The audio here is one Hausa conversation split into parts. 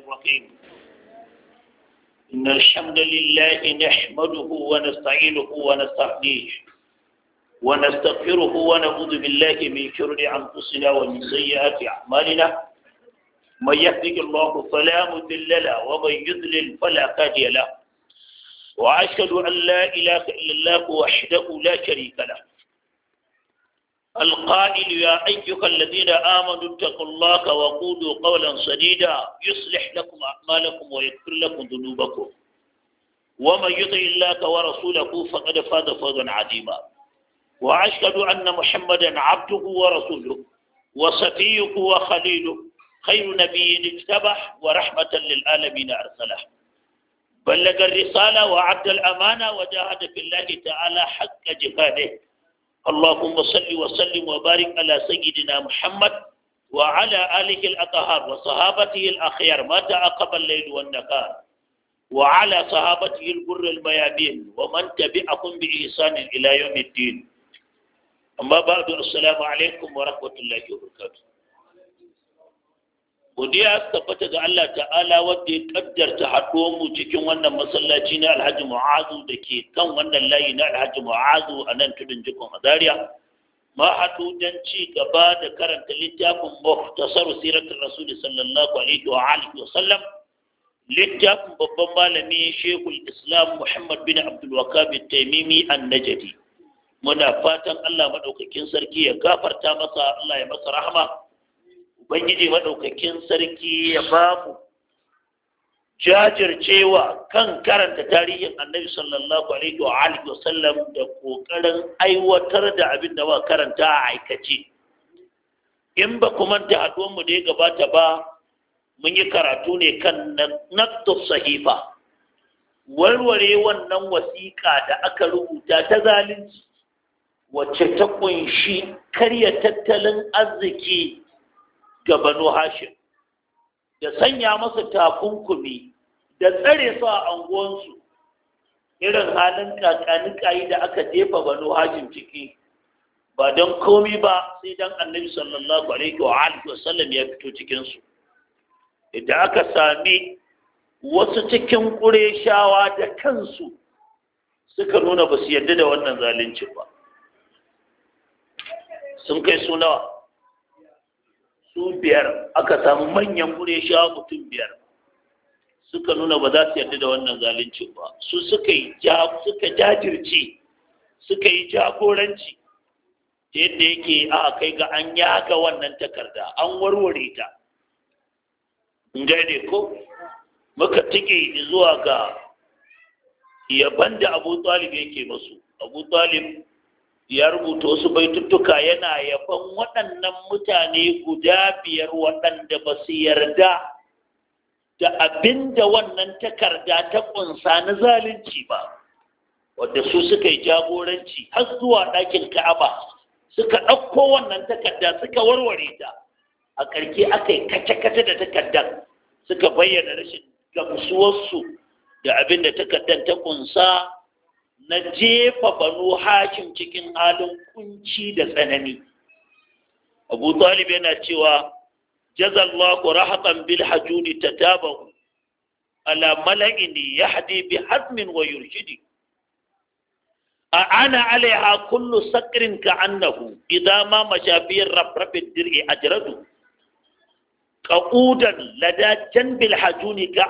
الرحيم إن الحمد لله نحمده ونستعينه ونستهديه ونستغفره ونعوذ بالله من شرور أنفسنا ومن سيئات أعمالنا من يهدك الله فلا مضل له ومن يضلل فلا هادي له وأشهد أن لا إله إلا الله وحده لا شريك له القائل يا أيها الذين آمنوا اتقوا الله وقولوا قولا سديدا يصلح لكم أعمالكم ويغفر لكم ذنوبكم ومن يطع الله ورسوله فقد فاز فوزا عظيما وأشهد أن محمدا عبده ورسوله وصفيه وخليله خير نبي اجتبح ورحمة للعالمين أرسله بلغ الرسالة وعد الأمانة وجاهد في الله تعالى حق جهاده اللهم صل وسلم وبارك على سيدنا محمد وعلى آله الأطهار وصحابته الأخيار ما تعاقب الليل والنهار وعلى صحابته البر الميامين ومن تبعهم بإحسان إلى يوم الدين أما بعد السلام عليكم ورحمة الله وبركاته godiya tabbata ga Allah ta'ala wanda ya kaddarta haɗo mu cikin wannan masallaci na Alhaji Mu'azu da ke kan wannan layi na Alhaji Mu'azu a nan tudun jikon Azariya ma haɗu don ci gaba da karanta littafin Muhtasar Siratul Rasul sallallahu alaihi wa alihi wa sallam littafin babban malami Sheikhul Islam Muhammad bin Abdul Wahhab Taimimi An-Najdi muna fatan Allah madaukakin sarki ya gafarta masa Allah ya masa rahama ubangiji maɗaukakin sarki ya ba mu jajircewa kan karanta tarihin annabi sallallahu alaihi wa alihi wasallam da kokarin aiwatar da abin da ba karanta a aikace in ba ku manta haduwan mu da ya gabata ba mun yi karatu ne kan naktus sahifa warware wannan wasiƙa da aka rubuta ta zalunci wacce ta ƙunshi karya tattalin arziki ga banu hashim da sanya masa takunkumi da tsare su a anguwansu irin halin kakanikayi da aka jefa banu hashim ciki ba don komi ba sai don annabi sallallahu alaihi wa alihi ya fito cikinsu idan aka sami wasu cikin ƙureshawa da kansu suka nuna ba su yarda da wannan zalunci ba sun kai su nawa su biyar aka samu manyan sha mutum biyar suka nuna ba za su yarda da wannan zalunci ba su suka yi suka jajirce suka yi jagoranci yadda yake a kai ga an yaga wannan takarda an warware ta gane ko muka tike zuwa ga yaban da abu talib yake masu abu talib ya rubuta wasu baituttuka yana yaban waɗannan mutane guda biyar waɗanda ba su yarda da abin da wannan takarda ta ƙunsa na zalunci ba wadda su suka yi jagoranci har zuwa ɗakin ka'aba suka ɗauko wannan takarda suka warware ta a ƙarke aka yi kace-kace da takardar suka bayyana rashin gamsuwarsu da abin da takardar ta ƙunsa na jefa banu hashim cikin halin kunci da tsanani abu talib yana cewa jazallahu rahatan bil hajuni tatabahu ala mala'ini yahdi bi hazmin wa yurshidi a ana alaiha kullu sakrin ka annahu idan ma mashafiyar rafrafin a jiradu ƙa'udan lada ladajen bil hajuni ka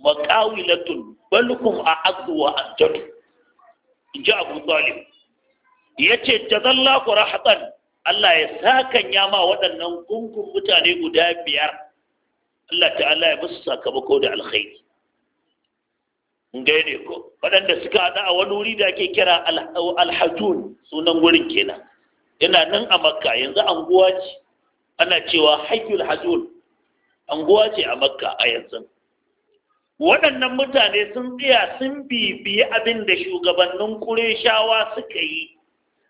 maqawilatun balkum a wa anjadu inji Abu Talib yace jazallahu rahatan Allah ya sakan ya ma waɗannan gungun mutane guda biyar Allah ta'ala ya musu sakamako da alkhairi ne ko waɗanda suka haɗa a wani wuri da ake kira alhajun sunan wurin kenan yana nan a makka yanzu anguwa ce ana cewa hayyul hajun anguwa ce a makka a yanzu waɗannan mutane sun tsaya sun bibiyi abin da shugabannin ƙureshawa suka yi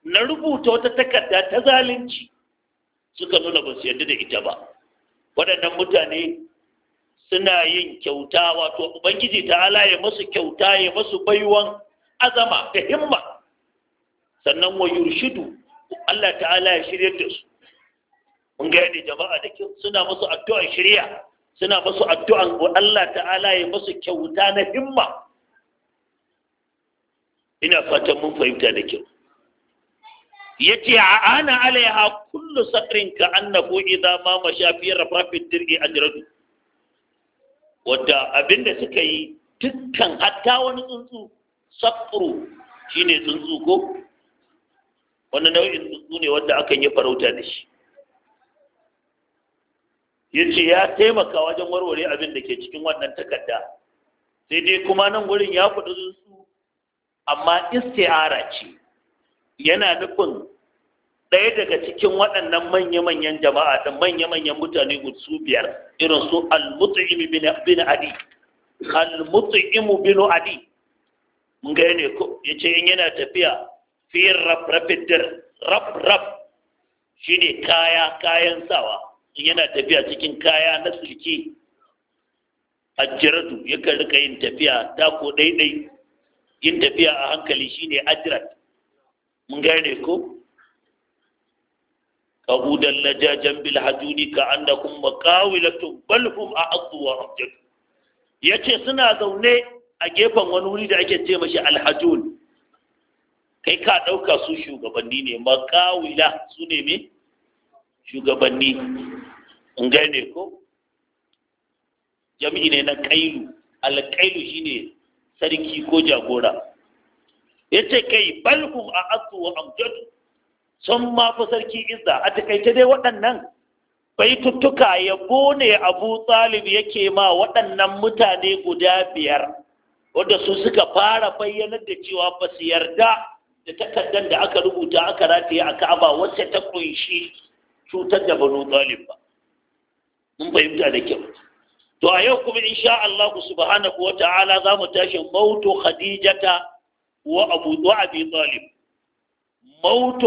na rubuta wata takarda ta zalunci suka nuna ba su yadda da ita ba waɗannan mutane suna yin kyauta wato ubangiji ta ya masu kyauta ya masu baiwan azama da himma sannan wa yurshidu Allah ta'ala ya shirya da su mun ga yadda jama'a da kyau suna masu addu'ar shirya suna masu addu'an Allah ta'ala ya masu kyauta na himma ina fatan mun fahimta da kyau ya ce a ana alaiha kullu sakrin ka annabu idza ma masha fi rafafin a jiradu wadda abinda suka yi dukkan hatta wani tsuntsu sakru shine tsuntsu ko wani nau'in tsuntsu ne wadda akan yi farauta da shi ya ce ya taimaka wajen warware abin da ke cikin wannan takarda sai dai kuma nan wurin ya faɗi su amma isti'ara ce yana nufin ɗaya daga cikin waɗannan manya-manyan jama'a da manya-manyan mutane su biyar irin su al-mut'im bin adi al bin adi mun ga ne ko ce in yana tafiya fiye rafrafidar rafraf ne kaya kayan sawa yana tafiya cikin kaya na silki ajiratu ya rika yin tafiya ta ko ɗaiɗai yin tafiya a hankali shine ajirat mun gane ko kahudan lajajen bil hajuni ka annakum maqawilatu balfum a a'addu wa Ya ce suna zaune a gefen wani wuri da ake ce mashi alhajun kai ka ɗauka su shugabanni ne makawila su ne me shugabanni in gane ko jami'i ne na kailu alkailu shine sarki ko jagora Ya ce kai balhum a asu wa amjadu sun ma fi sarki izza a takaice dai waɗannan Fai-tuttuka, ya ne abu talib yake ma waɗannan mutane guda biyar wadda su suka fara bayyanar da cewa ba su yarda da takardar da aka rubuta aka rataye a ka'aba wacce ta kunshi cutar da banu talib ba mun fahimta da kyau to a yau kuma insha Allah subhanahu wata'ala za mu tashi mautu khadijata wa abu wa abi talib mautu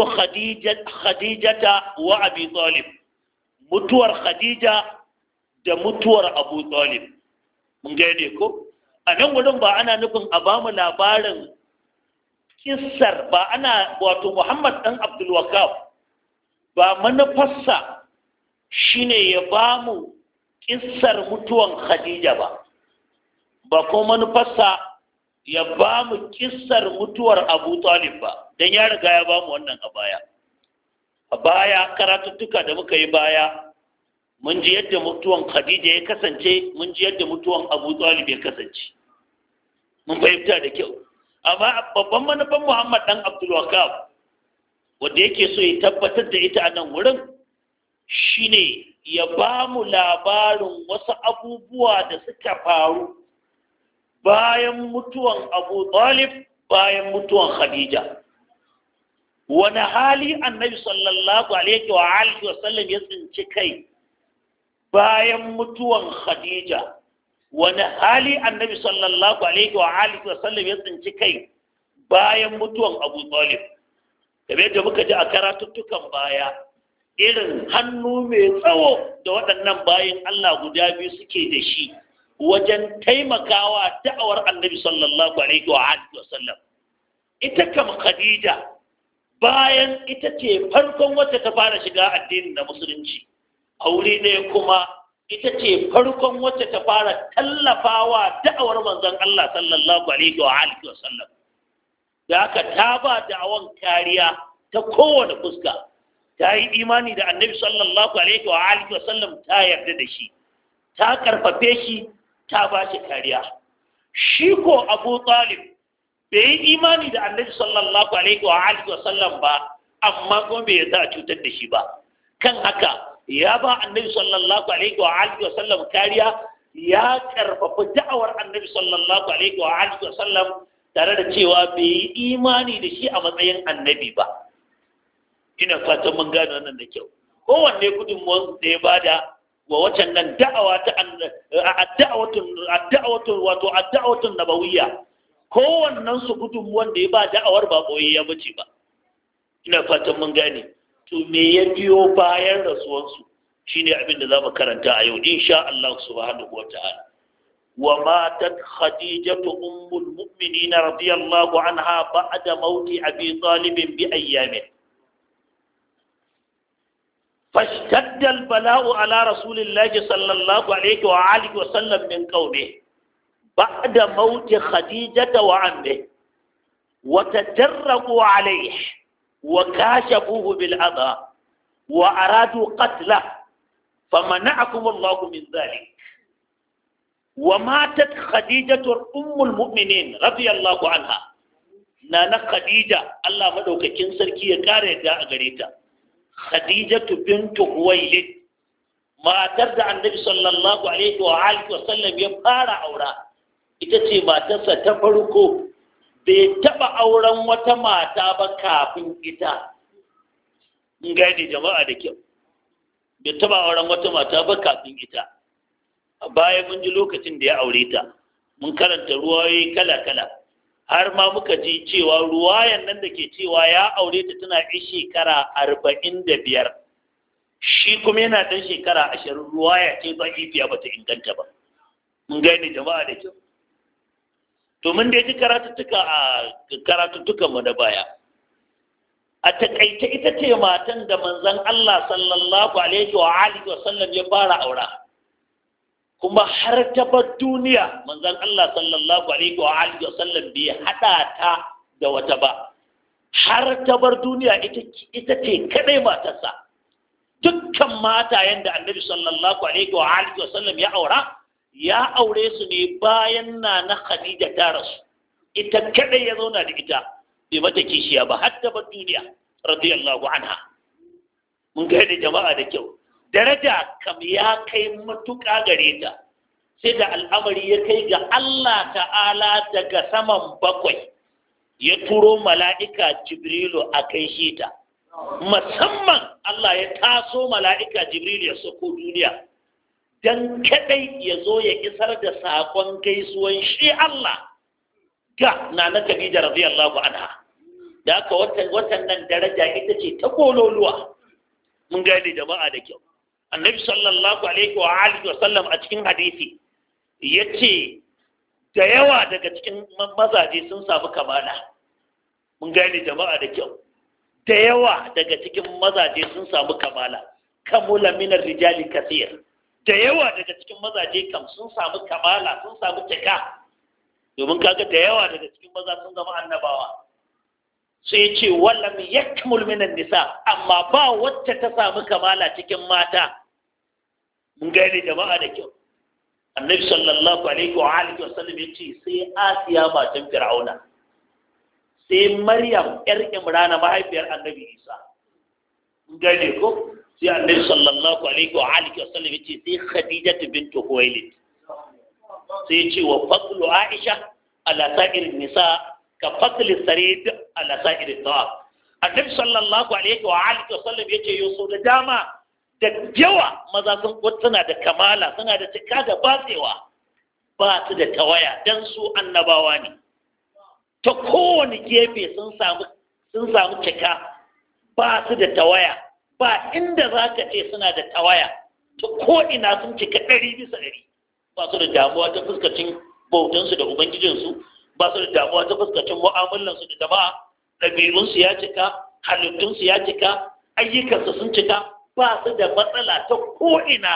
khadijata wa abi talib mutuwar khadija da mutuwar abu talib mun gane ko a nan gudun ba ana nufin a ba mu labarin kissar ba ana wato muhammad dan abdul wakaf ba manufarsa shine ya ba mu ƙisar mutuwan khadija ba ba ko manufarsa ya ba mu ƙisar mutuwar abu talib ba don ya riga ya ba mu wannan a baya a baya karatuttuka da muka yi baya mun ji yadda mutuwan khadija ya kasance mun ji yadda mutuwan abu talib ya kasance mun fahimta da kyau amma babban manufan muhammad ɗan abdul wanda yake so ya tabbatar da ita a nan wurin shine ya ba mu labarin wasu abubuwa da suka faru bayan mutuwan abu talib bayan mutuwan khadija wani hali annabi sallallahu alaihi wa alihi wa sallam ya tsinci kai bayan mutuwan khadija wani hali annabi sallallahu alaihi wa alihi wa sallam ya tsinci kai bayan mutuwan abu talib kamar yadda muka ji a karatuttukan baya irin hannu mai tsawo da waɗannan bayan Allah guda biyu suke da shi wajen taimakawa da'awar annabi sallallahu alaihi wa alihi wasallam ita kam khadija bayan ita ce farkon wacce ta fara shiga addinin da musulunci aure ne kuma ita ce farkon wacce ta fara tallafawa da'awar manzon Allah sallallahu alaihi wa alihi wasallam da aka ta ba da'awan kariya ta kowane fuska ta yi imani da annabi sallallahu alaihi wa alihi wa sallam ta yarda da shi ta karfafe shi ta ba shi kariya shi ko abu talib bai yi imani da annabi sallallahu alaihi wa alihi wa sallam ba amma kuma bai yarda a cutar da shi ba kan haka ya ba annabi sallallahu alaihi wa alihi wa sallam kariya ya karfafa da'awar annabi sallallahu alaihi wa alihi wa sallam tare da cewa bai yi imani da shi a matsayin annabi ba ina fatan mun gane wannan da kyau kowanne gudunmuwan da ya bada wa wacan nan da'awa ta adda'awatun wato adda'awatun nabawiyya kowannen su gudunmuwan da ya ba da'awar ba ya bace ba ina fatan mun gane to me ya biyo bayan rasuwansu shine abin da zamu karanta a yau insha Allah subhanahu wataala wa matat khadijatu ummul mu'minin radiyallahu anha ba'da mauti abi talib bi ayyamin fashtaddal bala'u ala rasulillahi sallallahu alaihi wa alihi wa sallam min qaumi ba'da mauti khadijata wa ammi wa tajarrabu alaihi wa kashafuhu wa aradu فمنعكم الله من ذلك وماتت خديجة أم المؤمنين رضي الله عنها نانا خديجة الله مدوك كنسر كي يقاري أغريتا khadijatu bintu huwailid matar da annabi sallallahu alaihi wa alihi wa sallam ya fara aura ita ce matarsa ta farko bai taba auren wata mata ba kafin ita gani jama'a da kyau bai taba auren wata mata ba kafin ita a baya mun ji lokacin da ya aure ta mun karanta ruwayoyi kala-kala har ma muka ji cewa ruwayan nan da ke cewa ya aure ta tana ɗin shekara arba'in da biyar shi kuma yana ɗan shekara ashirin ruwaya ce ba ifiya ba ta inganta ba mun gani jama'a da kyau to mun dai ji karatuttuka a karatuttukan mu na baya a takaice ita ce matan da manzon Allah sallallahu alaihi wa alihi wa sallam ya fara aura kuma har ta bar duniya manzan Allah sallallahu alaihi wa alihi wa sallam bai hada ta da wata ba har ta bar duniya ita ita ce kadai matarsa dukkan matayen da annabi sallallahu alaihi wa alihi wa sallam ya aura ya aure su ne bayan na na Khadija ta rasu ita kadai ya zauna da ita bai mata kishiya ba har ta bar duniya radiyallahu anha mun ga jama'a da kyau daraja kam ya kai matuƙa gare ta sai da al'amari ya kai ga Allah ta'ala daga saman bakwai ya turo mala'ika jibrilu a kai shi ta musamman Allah ya taso mala'ika jibrilu ya sako duniya don kadai ya zo ya isar da sakon gaisuwan shi Allah ga na kadija radiyallahu anha da aka watan nan daraja ita ce ta kololuwa mun gane jama'a da kyau annabi sallallahu alaihi wa alihi wa sallam a cikin hadisi yace da yawa daga cikin mazaje sun samu kamala mun gane jama'a da kyau da yawa daga cikin mazaje sun samu kamala kamula minar rijali kasir da yawa daga cikin mazaje kam sun samu kamala sun samu cika domin kaga da yawa daga cikin maza sun zama annabawa sai ce wallam yakmul minan nisa amma ba wacce ta samu kamala cikin mata mun gane jama'a da kyau annabi sallallahu alaihi wa alihi wa sallam yace sai asiya matan fir'auna sai maryam yar imrana mahaifiyar annabi isa mun gane ko sai annabi sallallahu alaihi wa alihi wa sallam yace sai khadija bintu khuwailid sai yace wa fadlu aisha ala sa'ir nisa ka fadli sarid ala sa'ir tawa annabi sallallahu alaihi wa alihi wa sallam yace yo da dama da yawa maza sun suna da kamala suna da cika da batsewa ba su da tawaya don su annabawa ne ta kowane gefe sun samu cika ba su da tawaya ba inda za ka ce suna da tawaya ta ko'ina sun cika ɗari bisa ɗari ba su da damuwa ta fuskacin bautansu da ubangijinsu ba su da damuwa ta fuskacin mu'amalansu da jama'a ɗabi'unsu ya cika halittunsu ya cika ayyukansu sun cika ba su da matsala ta ko'ina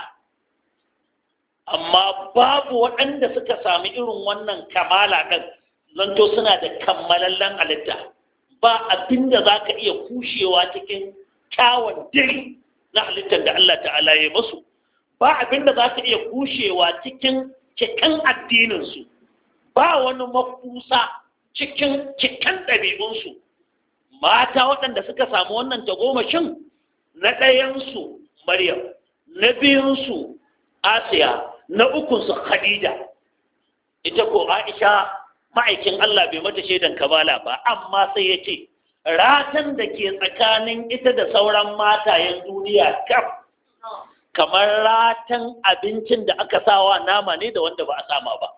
amma babu waɗanda suka sami irin wannan kamala ɗan, zanto suna da kammalallen halitta ba abin da za ka iya kushewa cikin kyawun diri na halittar da Allah ta'ala ya masu ba abin da za ka iya kushewa cikin cikin addininsu ba wani makusa cikin cikin ɗabi'unsu mata waɗanda suka samu wannan tagomashin na ɗayansu maryam na biyunsu asiya na ukunsu khadija ita ko aisha ma'aikin allah bai mata shaidan kamala ba amma sai ya ce ratan da ke tsakanin ita da sauran matayen duniya kaf kamar ratan abincin da aka sawa nama ne da wanda ba a sama ba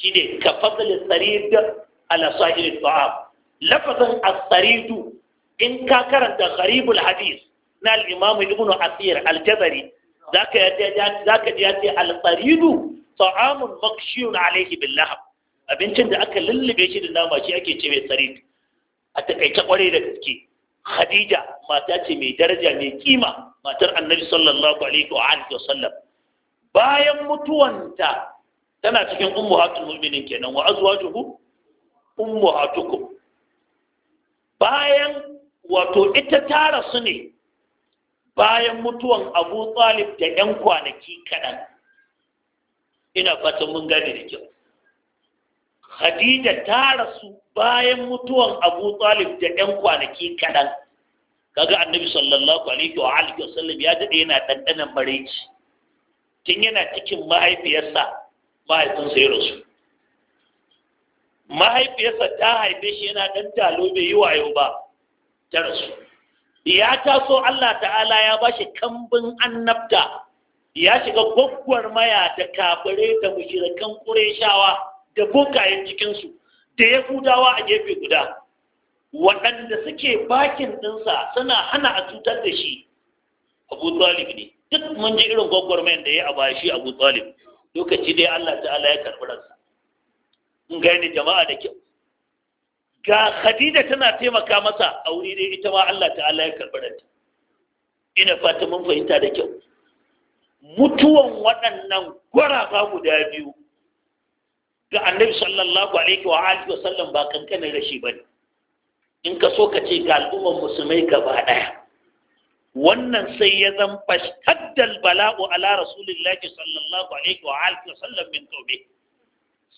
shi ne ka fasalin saridu ala ba'am lafazin asaridu in ka karanta gharibul hadis na al-imamu ibnu asir al-jabari za ka zaka ji ya ce al-qaridu ta'amun makshiyun alayhi bil lahab abincin da aka lullube shi da nama shi ake ce mai sarid a takaice kwarai da gaske khadija mata ce mai daraja mai kima matar annabi sallallahu alaihi wa alihi wa sallam bayan mutuwanta tana cikin ummuhatul mu'minin kenan wa azwajuhu ummahatukum bayan wato ita ta rasu ne bayan mutuwan abu talib da 'yan kwanaki kaɗan ina fatan mun gane da kyau khadija ta rasu bayan mutuwan abu talib da 'yan kwanaki kaɗan kaga annabi sallallahu alaihi wa alihi wa sallam ya daɗe yana ɗanɗanan maraici tun yana cikin mahaifiyarsa mahaifinsa ya rasu mahaifiyarsa ta haife shi yana ɗan talo bai yi wayo ba ta rasu ya taso Allah ta'ala ya bashi kambin annabta ya shiga gwaggwar maya da kafare da mushirikan ƙureshawa da bokayen cikinsu da ya gudawa a gefe guda waɗanda suke bakin ɗinsa suna hana a cutar da shi abu talib ne duk mun ji irin gwaggwar mayan da ya a bashi abu talib lokaci dai Allah ta'ala ya karɓi ransa in gani jama'a da kyau ga khadija tana taimaka masa a wuri dai ita ma Allah ta'ala ya ta. ina fata mun fahimta da kyau mutuwan waɗannan gwaraba guda biyu ga annabi sallallahu alaihi wa alihi wa sallam ba kankanin rashi bane in ka so ka ce ga al'ummar musulmai gaba ɗaya wannan sai ya zan fashtaddal bala'u ala rasulillahi sallallahu alaihi wa alihi min tobe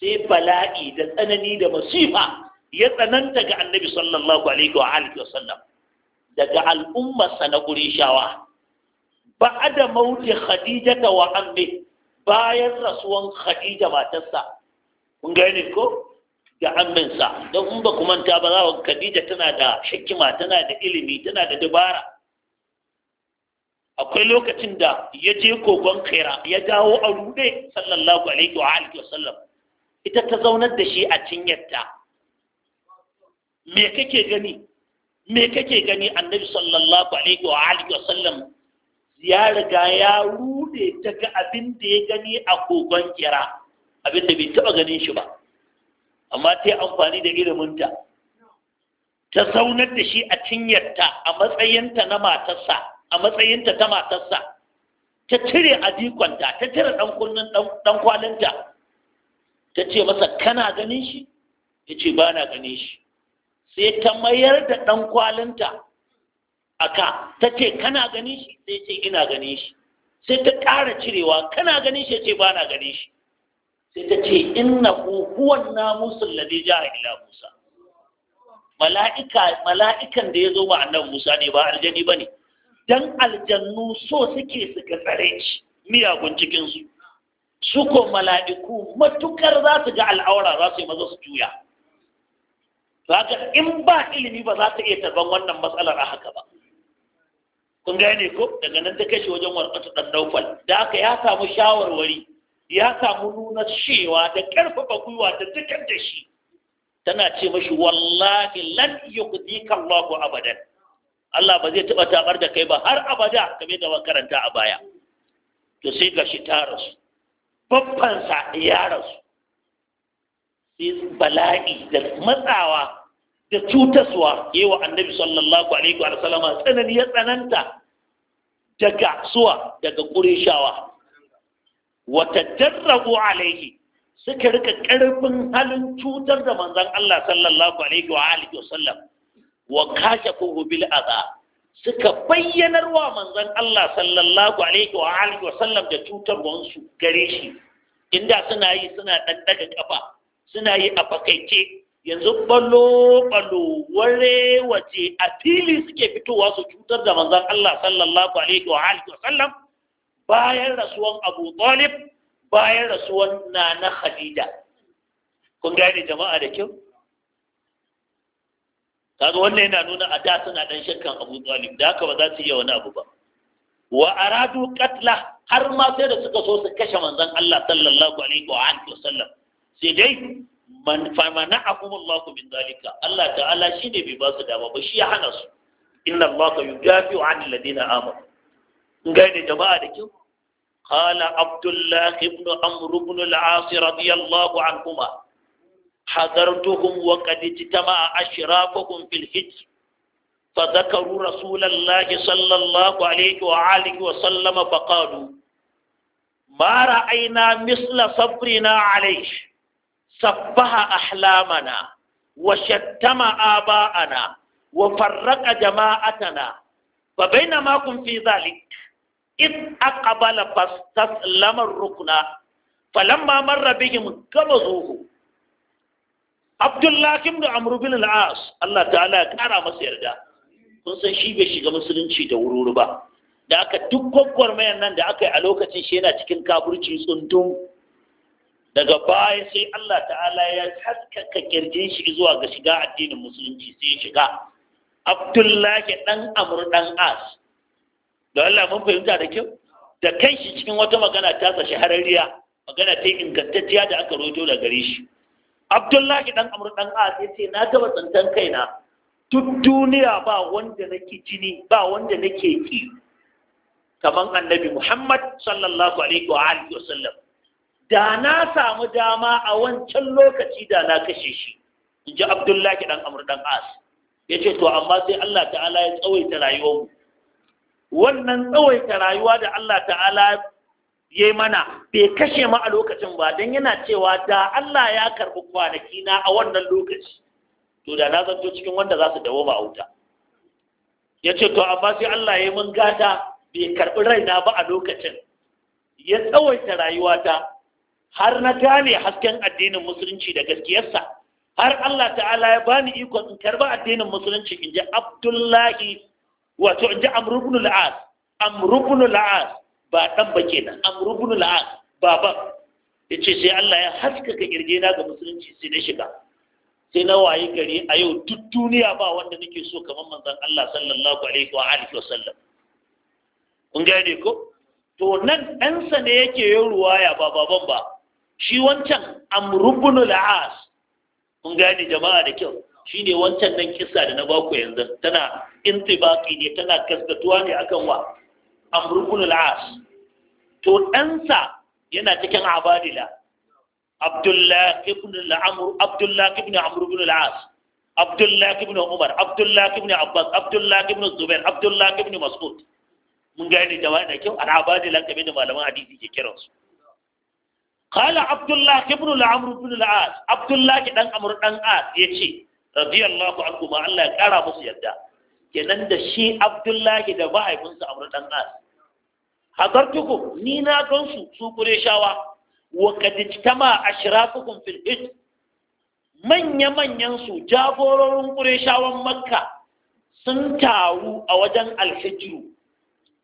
sai bala'i da tsanani da masifa ya tsananta ga annabi sallallahu alaihi wa alihi wasallam daga al'ummarsa na Qurayshawa da mauti khadijata wa ambe bayan rasuwan khadija matarsa kun gane ko da amminsa don in ba manta ba za ku khadija tana da hikima tana da ilimi tana da dabara akwai lokacin da ya je kogon kaira ya dawo a rude sallallahu alaihi wa alihi wasallam ita ta zaunar da shi a cinyarta me kake gani me kake gani annabi sallallahu alaihi wa alihi wa ya riga ya rude ta ga abin da ya gani a kogon kira abin da bai taba ganin shi ba amma ta yi amfani da iliminta ta zaunar da shi a cinyarta a matsayinta na matarsa a matsayinta ta matarsa ta cire adikonta ta cire dan kwalinta ta ce masa kana ganin shi ya ce ba na ganin shi sai ta mayar da ɗan kwalinta a ka ta ce kana gani shi sai ce ina ganin shi sai ta ƙara cirewa kana gani shi ce bana na shi sai ta ce inna huwan namusun lade ja ila musa mala'ikan da ya zo ba annan musa ne ba aljani ba ne Don aljannu so suke su tsare shi miyagun cikinsu su ko mala'iku matukar za su ga al'aura za su yi maza su juya zaka in ba ilimi ba za ta iya tarban wannan matsalar a haka ba kun gane ko daga nan ta kashe wajen warkatu dan daukwal da aka ya samu shawarwari ya samu nuna cewa da karfafa gwiwa da tukar da shi tana ce mashi wallahi lan yukdika Allahu abadan Allah ba zai taba tabar da kai ba har abada kamar da karanta a baya to sai ga ta rasu babban sa ya rasu bala'i da matsawa da cutaswa yi wa annabi sallallahu alaihi wa sallama tsanani ya tsananta daga suwa daga ƙurishawa wata jarrabu alaihi suka rika ƙarfin halin cutar da manzan Allah sallallahu alaihi wa alihi wa sallam wa kashe bil aza suka bayyanar wa manzan Allah sallallahu alaihi wa alihi wa sallam da cutarwansu gare shi inda suna yi suna ɗanɗaga ƙafa suna yi a fakaice yanzu ɓallo-ɓallo ware waje a fili suke fitowa su cutar da manzan Allah sallallahu alaihi wa sallam bayan rasuwan Abu Talib bayan rasuwan Nana Khadija kun gane jama'a da kyau kaga wannan yana nuna a da suna ɗan shakkan Abu Talib da haka ba za su yi wani abu ba wa aradu Katla har ma sai da suka so su kashe manzan Allah sallallahu alaihi wa sallam sai dai man famana akumullah min dalika Allah ta'ala shi ne bai ba su dama ba shi ya hana su inna Allah ka yudafi'u an alladina in ga da jama'a da kyau qala abdullah ibn amr ibn al-as radiyallahu anhuma hadartuhum wa qad ijtama'a ashrafuhum fil hijj فذكروا رسول الله صلى الله عليه وآله وسلم فقالوا ما رأينا مثل صبرنا عليه sabbaha ahlamana wa shattama aba'ana wa farraqa jama'atana fa bainama kun fi zalik id aqbala fastaslama ar-rukna falamma marra bihim kabazuhu Abdullah ibn Amr bin al-As Allah ta'ala ya kara masa yarda kun san shi bai shiga musulunci da wururu ba da aka duk mayar nan da aka yi a lokacin shi yana cikin kafurci tsuntun daga baya sai Allah ta'ala ya haskaka kirjin shi zuwa ga shiga addinin musulunci sai shiga abdullahi dan amur dan as da Allah mun fahimta da kyau da kai cikin wata magana ta sa shahararriya magana ta ingantacciya da aka roto da gare shi abdullahi dan amur dan as ya ce na taba tsantan kaina duk duniya ba wanda nake jini ba wanda nake ki kaman annabi muhammad sallallahu alaihi wa alihi wa sallam da na samu dama a wancan lokaci da na kashe shi in ji abdullahi ɗan amur ɗan as ya ce to amma sai allah ta'ala ya tsawaita rayuwarmu wannan tsawaita rayuwa da allah ta'ala ya yi mana bai kashe mu a lokacin ba don yana cewa da allah ya karɓi kwanaki na a wannan lokaci to da na zanto cikin wanda za su dawo ba a wuta ya ce to amma sai allah ya yi mun gata bai karɓi raina ba a lokacin ya tsawaita rayuwata har na gane hasken addinin musulunci da gaskiyarsa har Allah ta'ala ya bani ikon in karba addinin musulunci in ji Abdullahi wato in ji Amr ibn al-As Amr as ba dan ba kenan Amr ibn al-As baba yace sai Allah ya haskaka kirje na ga musulunci sai na shiga sai na waye gari a yau duk duniya ba wanda nake so kamar manzon Allah sallallahu alaihi wa alihi wa sallam kun gane ko to nan 'yansa ne yake yin ruwaya ba baban ba shi wancan amrubunu la'as kun gane jama'a da kyau shi ne wancan nan kisa da na baku yanzu tana intibaki ne tana kaskatuwa ne akan wa amrubunu la'as to ɗansa yana cikin abadila abdullahi ibn al'amur abdullahi ibn amr ibn al'as abdullahi ibn umar abdullahi ibn abbas abdullahi ibn zubair abdullahi ibn mas'ud mun gane jama'a da kyau al'abadila kabe da malaman hadisi ke kiransu قال عبد الله ابن العمر بن العاص عبد الله دان عمرو دان عاص yace radiyallahu anhu ma Allah ya kara musu yadda kenan da shi Abdullahi da mahaifinsa Amr dan As hadartuku ni na don su su shawa. wa ma tama ashrafukum fil id manya manyan su jagororin kure shawan Makka sun taru a wajen alhijiru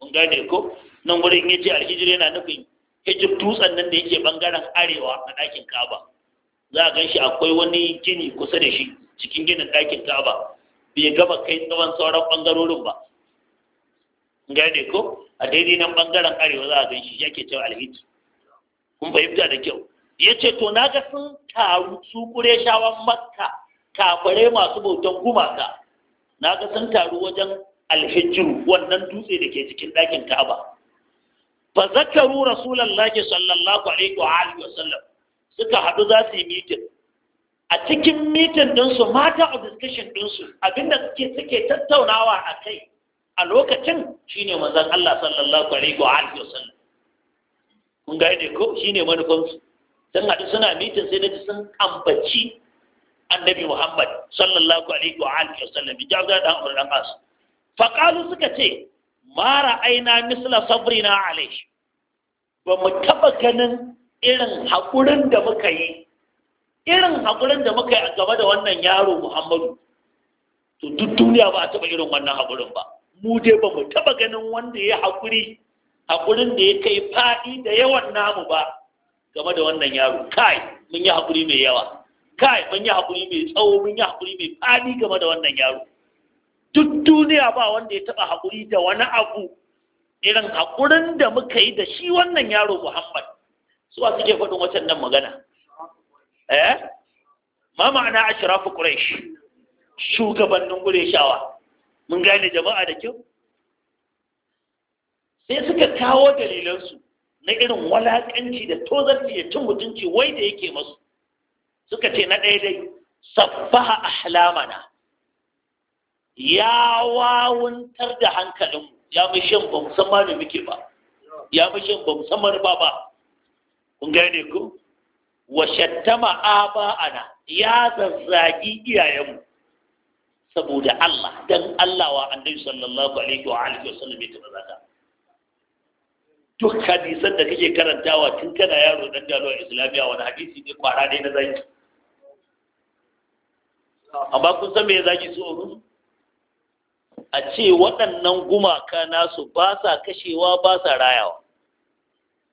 mun gane ko nan gurin yace alhijiru yana nufin hijib dutsen nan da yake bangaren arewa a ɗakin kaba za a gan shi akwai wani gini kusa da shi cikin ginin ɗakin kaba bai gaba kai tsawon sauran ɓangarorin ba gane ko a daidai nan ɓangaren arewa za a gan shi yake cewa alhiji kun fahimta da kyau ya ce to na ga sun taru su kure shawan makka kafare masu bautan gumaka na ga sun taru wajen alhijiru wannan dutse da ke cikin ɗakin kaba fa zakaru rasulullahi sallallahu alaihi wa alihi wa sallam suka haɗu za su yi mitin a cikin mitin ɗinsu mata a discussion ɗinsu abinda suke suke tattaunawa a kai a lokacin shine manzon Allah sallallahu alaihi wa alihi wa sallam kun ga ne ko shine manufansu sun haɗu suna mitin sai naji sun ambaci annabi Muhammad sallallahu alaihi wa alihi wa sallam bi jabda dan Umar dan fa qalu suka ce mara aina misla sabrina alaihi ba mu taɓa ganin irin haƙurin da muka yi irin haƙurin da muka yi a game da wannan yaro muhammadu to duk duniya ba a taɓa irin wannan haƙurin ba mu dai ba mu taɓa ganin wanda ya haƙuri haƙurin da ya kai faɗi da yawan namu ba game da wannan yaro kai mun yi haƙuri mai yawa kai mun yi haƙuri mai tsawo mun yi haƙuri mai faɗi game da wannan yaro duk duniya ba wanda ya taɓa haƙuri da wani abu irin haƙurin da muka yi da shi wannan yaro muhammad su ba suke faɗin watan nan magana eh ma ma'ana ashrafu quraish shugabannin qurayshawa mun gane jama'a da kyau sai suka kawo dalilansu na irin walaƙanci da tozarci da cin mutunci wai da yake masu suka ce na ɗaya dai sabbaha ahlamana ya wawuntar da hankalinmu ya fi shan ba musamman da muke ba ya fi shan ba musamman ba ba kun gane ku wa shattama aba'ana ya zazzagi iyayenmu saboda Allah dan Allah wa annabi sallallahu alaihi wa alihi wasallam ya taba zaka duk hadisan da kake karantawa tun kana yaro dan galo a islamiya wani hadisi ne kwara ne na zaki amma kun san me zaki so a ce waɗannan gumaka nasu ba sa kashewa ba sa rayawa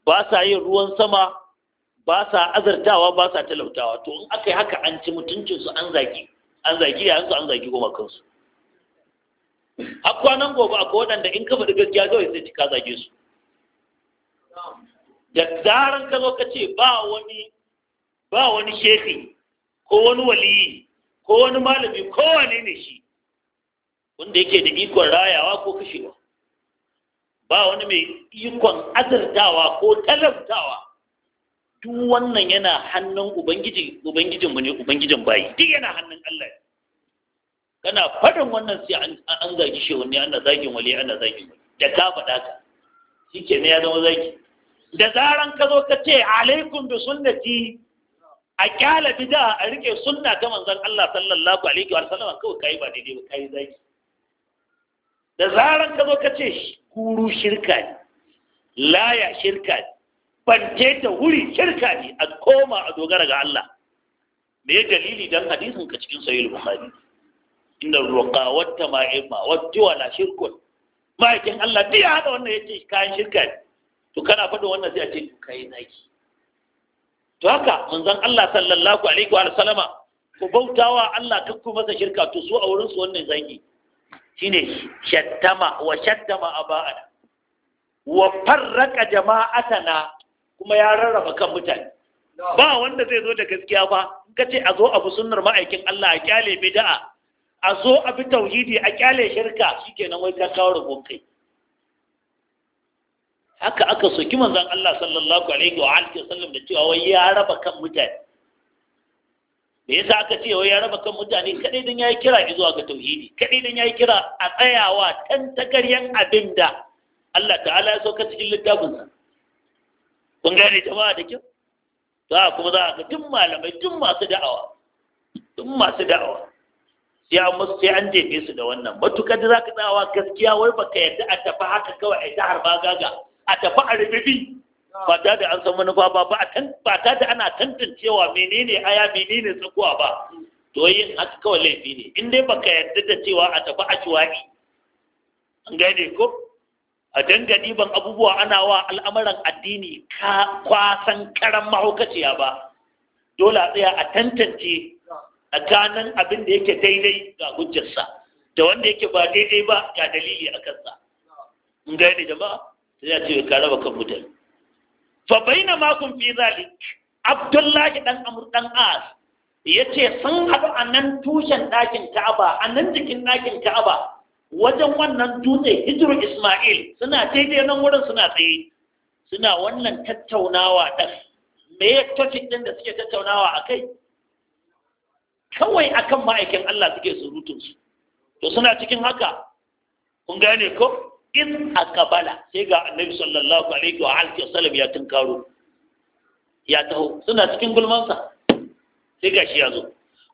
ba sa yin ruwan sama ba sa azartawa ba sa talautawa to in aka yi haka an ci mutuncinsu an zagi an zagi yayansu an zagi gumakansu har kwanan gobe akwai waɗanda in ka faɗi gaskiya zai sai ka zage su da zaran ka zo ka ce ba wani ba shehi ko wani waliyi ko wani malami ko wane ne shi wanda yake da ikon rayawa ko kashewa ba wani mai ikon azurtawa ko talabtawa duk wannan yana hannun ubangiji ubangijinmu ne ubangijin bayi duk yana hannun Allah kana faɗin wannan sai an zagi shehunni ana zagin wali ana zagin wali da ka faɗa ka shi ke ya zama zagi da zaran ka zo ka ce alaikum bi sunnati a kyala bida a rike sunna ta manzon Allah sallallahu alaihi wa sallam kawai kai ba daidai ba kai zaki da zaran ka zo ka ce kuru shirka ne laya shirka ne banje ta wuri shirka ne a koma a dogara ga Allah me dalili dan hadisin ka cikin sahih bukhari inna ruqa wa tama'ima wa tiwala shirkun ma'aikin Allah duk ya hada wannan yace kayan shirka ne to kana faɗin wannan sai a ce kai naki to haka manzon Allah sallallahu alaihi wa sallama ku bautawa Allah kakku masa shirka to su a wurin su wannan zangi shine shattama wa shattama aba'ana wa farraka jama'atana kuma ya rarraba kan mutane ba wanda zai zo da gaskiya ba in kace a zo abu sunnar ma'aikin Allah a kyale bid'a a zo a bi tauhidi a kyale shirka shikenan wai ka kawo rabo kai haka aka soki manzon Allah sallallahu alaihi wa alihi wasallam da cewa wai ya raba kan mutane da yasa aka ce wai ya raba kan mutane kadai dan yayi kira zuwa ga tauhidi kadai dan yayi kira a tsayawa tantagaryen abin da Allah ta'ala ya sauka cikin littafin sa kun gane jama'a da kyau za kuma za ga duk malamai duk masu da'awa duk masu da'awa sai an musu sai an jefe su da wannan matukar da zaka tsawa gaskiya wai baka yadda a tafi haka kawai a ta harba gaga a tafi a rubibi ba ta da an san manufa ba ba ta da ana tantancewa menene aya menene tsakuwa ba to yin haka kawai laifi ne in dai baka yarda da cewa a tafi a ciwaki an gane ko a dangane ban abubuwa ana wa al'amuran addini ka kwasan karan mahaukaciya ba dole a tsaya a tantance tsakanin abin da yake daidai ga hujjarsa da wanda yake ba daidai ba ga dalili a kansa in gane jama'a sai ya ce ka raba kan mutane fa na ma kun abdullahi dan amr dan as yace sun haɗu a nan tushen ɗakin ka'aba a nan jikin ɗakin ka'aba wajen wannan dutse hijiru isma'il suna daidai nan wurin suna tsaye suna wannan tattaunawa ɗan me ya tafi ɗin da suke tattaunawa a kai kawai akan ma'aikin Allah suke surutun su to suna cikin haka kun gane ko in akabala sai ga annabi sallallahu alaihi wa alihi wasallam ya tunkaro ya taho suna cikin gulmansa sai shi ya zo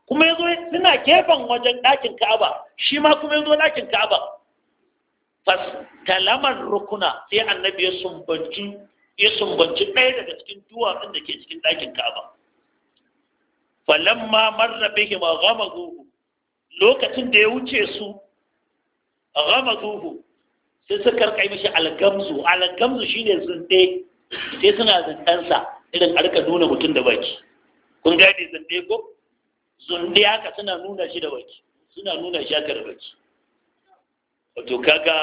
kuma ya zo suna kefan wajen ɗakin ka'aba shi ma kuma ya zo ɗakin ka'aba talaman rukuna sai annabi ya sumbanci ya sumbanci ɗaya daga cikin duwatsun da ke cikin ɗakin ka'aba falamma marra bihi ma ghamazuhu lokacin da ya wuce su ghamazuhu sai suka karkai mishi algamzu algamzu shine zunde sai suna zundansa irin arka nuna mutum da baki kun gane zunde ko zunde haka suna nuna shi da baki suna nuna shi haka da baki wato kaga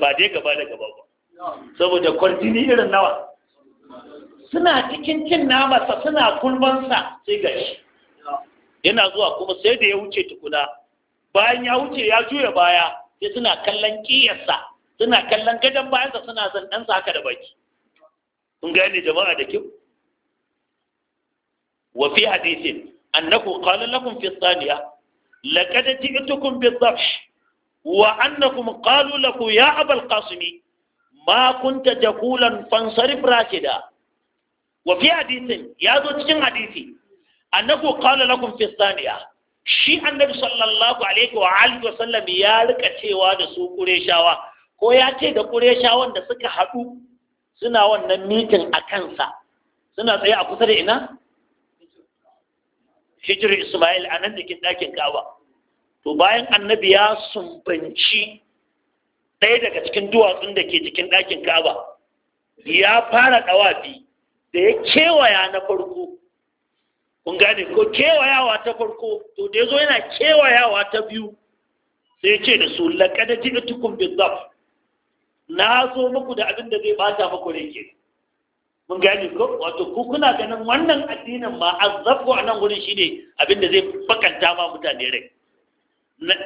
ba dai gaba da gaba ba saboda kwartini irin nawa suna cikin cin namarsa suna kulmansa sai gashi yana zuwa kuma sai da ya wuce tukuna bayan ya wuce ya juya baya sai suna kallon kiyarsa suna kallon gadon bayansa suna son ɗansa haka da baki kun gane jama'a da kyau wa fi hadisin annahu qala lakum fi thaniya laqad ji'tukum bi dhafsh wa annakum qalu lahu ya abal qasimi ma kunta jakulan fansarif rashida wa fi hadisin ya zo cikin hadisi annahu qala lakum fi thaniya shi annabi sallallahu alaihi wa alihi wasallam ya rika cewa da su ƙureshawa ko ya ce da ƙureshawan da suka haɗu suna wannan mitin a kansa suna tsaye a kusa da ina hijir ismail a nan jikin ɗakin kaba to bayan annabi ya sumbanci ɗaya daga cikin duwatsun da ke cikin ɗakin kaba ya fara ɗawafi da ya kewaya na farko kun gane ko kewayawa ta farko to da yazo yana kewayawa ta biyu sai ce da su laqad ji'tukum bizaf na zo muku da abin da zai bata muku ke. mun gane ko wato ku kuna ganin wannan addinin ma azzafu a nan gurin shine abin da zai bakanta ma mutane rai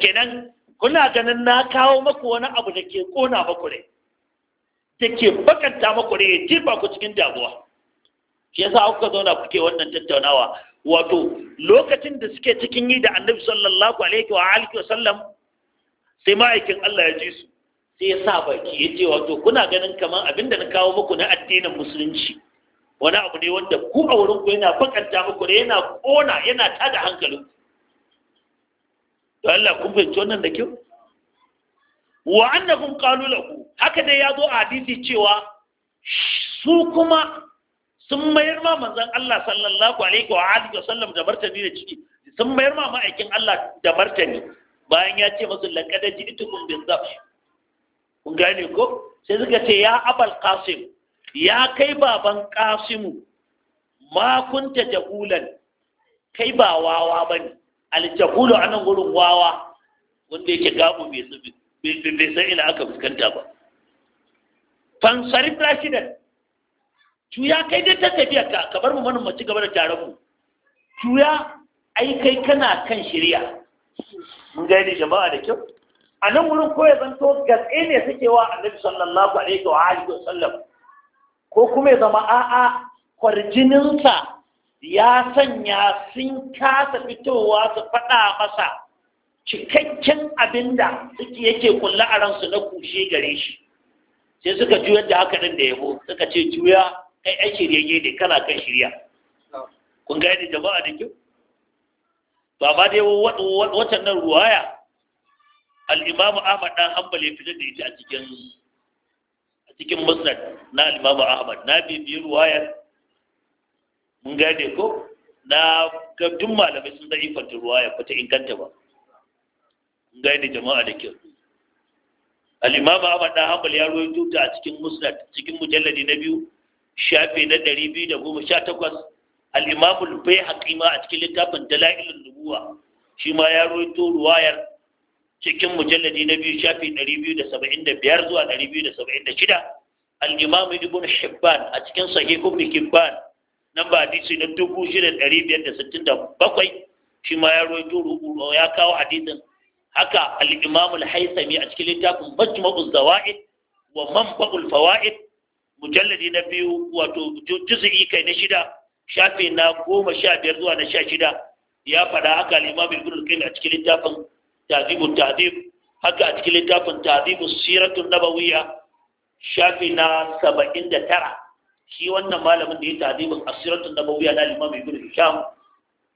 kenan kuna ganin na kawo maku wani abu da ke kona maku rai da ke bakanta maku rai ya jefa ku cikin damuwa shi yasa kuka zauna kuke wannan tattaunawa wato lokacin da suke cikin yi da annabi sallallahu alaihi wa alihi wasallam sai ma'aikin Allah ya ji su sai ya sa baki ya ce wato kuna ganin kamar abin da na kawo muku na addinin musulunci wani abu ne wanda ku a wurin ku yana bakanta muku ne yana kona yana tada hankalin to Allah kun fahimci wannan da kyau wa annahum qalu lahu haka dai ya zo a hadisi cewa su kuma sun mayar ma manzon Allah sallallahu alaihi wa alihi wa sallam da martani da ciki sun mayar ma ma'aikin Allah da martani bayan ya ce musu laqad ji'tukum bin zafi kun gane ko sai suka ce ya abal qasim ya kai baban qasimu ma kunta jahulan kai ba wawa bane jahulu anan gurin wawa wanda yake gabu bai bai sai ila aka fuskanta ba fansarif rashidan cuya kai dai ta tafiya ka ka bar mu manin mace gaba da tare mu cuya ai kai kana kan shirya mun gane jama'a da kyau a nan wurin ko ya zanto gaske ne suke wa annabi sallallahu alaihi wa alihi wasallam ko kuma ya zama a'a kwarjininsa ya sanya sun kasa fitowa su faɗa masa cikakken abin da suke yake kulla a ransu na kushe gare shi sai suka juyar da haka ɗin da yabo suka ce juya kai ai shiryayye kana kan shirya kun ga yadda jama'a da kyau ba ba dai watan nan ruwaya al'imamu ahmad dan hanbal ya fitar da ita a cikin a cikin musnad na al'imamu ahmad na bibiyi ruwayar mun gane ko na gabdun malamai sun zai ifanta ruwaya ba ta inganta ba mun gane jama'a da kyau al'imamu ahmad dan hanbal ya rawaito tuta a cikin musnad cikin mujalladi na biyu Shafe na ɗari biyu 218 al-imam al-bayhaqi ma a cikin littafin dalailun nubuwa shi ma ya rawaito ruwayar cikin mujalladi na biyu shafe ɗari biyu da saba'in da biyar zuwa ɗari biyu da saba'in 276 al-imam ibn hibban a cikin sahih ibn hibban namba hadisi na dubu ɗari biyar da sittin 6567 shi ma ya rawaito ya kawo hadisin haka al-imam a cikin littafin majma'uz zawaid wa manba'ul fawaid mujalladi na biyu wato juzuri kai na shida shafe na goma sha biyar zuwa na sha shida ya faɗa haka limam ibn kai a cikin littafin tazibu tazib haka a cikin littafin tazibu siratun nabawiyya shafe na saba'in da tara shi wannan malamin da ya a Siratu nabawiyya na limam ibn hisham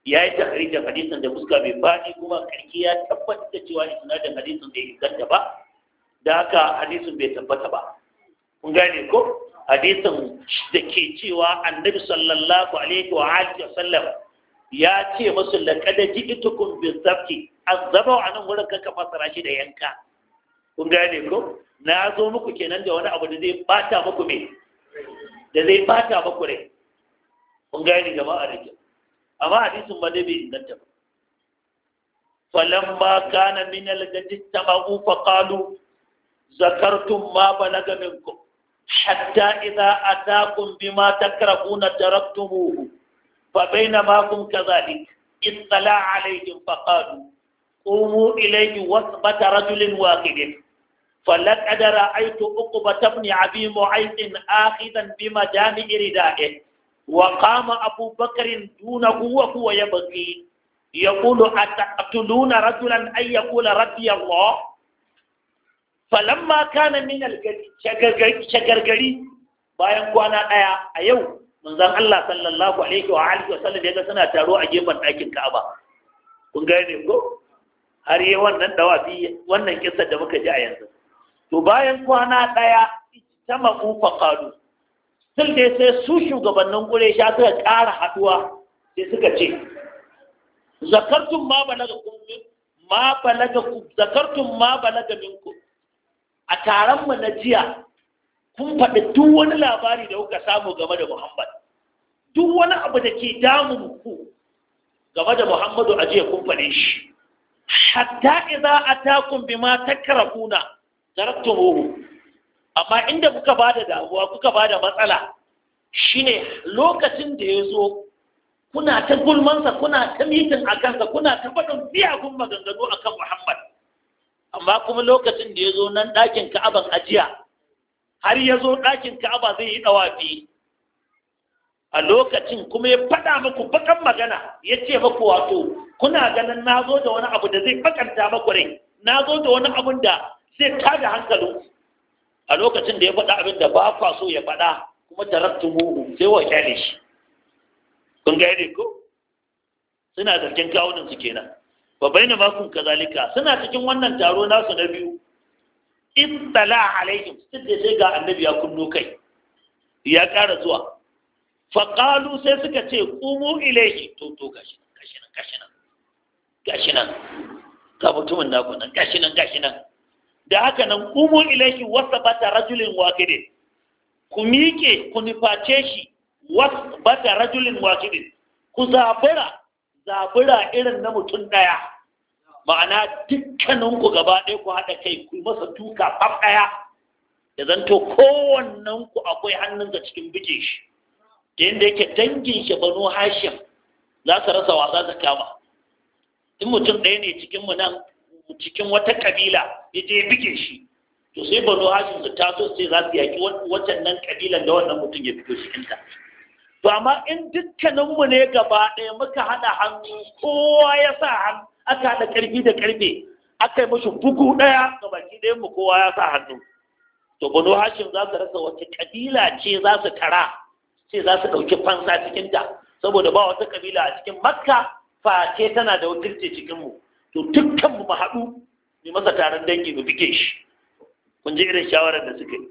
ya yi da hadisin da fuska mai faɗi kuma karki ya tabbatar da cewa isnadin hadisin bai inganta ba da haka hadisin bai tabbata ba kun gane ko hadisin da ke cewa annabi sallallahu alaihi wa alihi wasallam ya ce musu laqad ji'tukum bi zabti azzaba wa nan wurin kaka fasara shi da yanka kun gane ko na zo muku kenan da wani abu da zai bata muku me da zai bata muku rai kun gane jama'a da ke amma hadisin ba dai bai inganta ba falamma kana min al-gadi tabu fa qalu zakartum ma balaga minkum حتى إذا أتاكم بما تكرهون تركتموه فبينما هم كذلك اطلع عليهم فقالوا قوموا إليه وثبت رجل واحد فلقد رأيت عقبة بن أبي معيط آخذا بمجامع ردائه وقام أبو بكر دونه وهو يبكي يقول أتقتلون رجلا أن يقول ربي الله falamma kana min shagargari bayan kwana ɗaya a yau manzon Allah sallallahu alaihi wa alihi wasallam ya ga suna taro a gefen ɗakin Ka'aba kun ne ko har yi wannan dawafi wannan kissa da muka ji a yanzu to bayan kwana ɗaya ta maku faƙalu sun dai sai su shugabannin ƙuresha suka ƙara haɗuwa sai suka ce zakartun ma balaga kun ma balaga zakartun ma balaga a taron mu na jiya kun faɗi duk wani labari da kuka samu game da Muhammad duk wani abu da ke damun ku game da Muhammadu a jiya kun faɗe shi hatta ta atakum bima takrahuna taraktumuhu amma inda kuka bada damuwa kuka ba da matsala shine lokacin da ya zo kuna ta gulmansa kuna ta mitin a kansa kuna ta faɗin kun maganganu akan Muhammad amma kuma lokacin da ya zo nan ɗakin ka'aban ajiya har ya zo ɗakin ka'aba zai yi ɗawafi a lokacin kuma ya faɗa muku bakan magana ya ce muku wato kuna ganin na zo da wani abu da zai faƙanta muku rai na zo da wani abun da zai tada hankalin a lokacin da ya faɗa abin da ba kwa so ya faɗa kuma tarattu muhu sai wa kyale shi kun ga ko suna zargin kawunan su kenan wa baina makun kazalika suna cikin wannan taro nasu na biyu in tsala alaihim sun da sai ga annabi ya kunno kai ya ƙara zuwa faƙalu sai suka ce ƙumu ilaihi to to gashi nan gashi nan gashi nan gashi nan ga mutumin naku nan gashi nan gashi nan da haka nan ƙumu ilaihi wasa bata rajulin wakidin ku miƙe ku nuface shi wasa bata rajulin wakidin ku zabura zabura irin na mutum ɗaya ma'ana dukkaninku gaba ɗaya ku haɗa kai ku masa tuka fab ɗaya ya zanto kowannenku akwai hannun ga cikin buge shi da yadda yake dangin shi banu hashim za su rasa wasa ta kama in mutum ɗaya ne cikin mu nan cikin wata kabila ya je buge shi to sai banu hashim su taso sai za su yaƙi wancan nan kabilan da wannan mutum ya fito cikin ta to amma in dukkaninmu ne gaba ɗaya muka haɗa hannu kowa ya sa hannu aka haɗa ƙarfi da ƙarfe aka yi mashi bugu ɗaya ga baki ɗaya mu kowa ya sa hannu to banu hashin za su rasa wata ƙabila ce za su tara ce za su ɗauki fansa cikin ta saboda ba wata ƙabila a cikin makka face tana da wakilci cikin mu to dukkan mu haɗu mu masa taron dangi mu bige shi kun ji irin shawarar da suka yi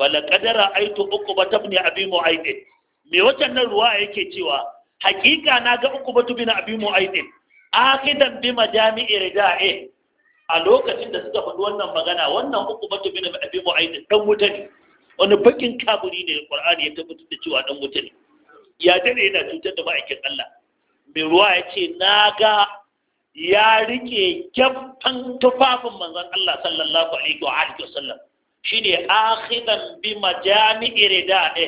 wala kadara aitu uku ba tabni abi mu'aidin me wacan nan ruwa yake cewa hakika na ga uku ba tubina abi mu'aidin akidan bi majami'i rida'i a lokacin da suka faɗi wannan magana wannan uku ba tubina abi mu'aidin dan wuta ne wani bakin kaburi ne qur'ani ya tabbatar da cewa dan wuta ne ya dare yana cutar da ma'aikin Allah mai ruwa ya ce na ga ya rike gyafan tufafin manzon Allah sallallahu alaihi wa alihi wasallam shine akhidan bi majami'i ridade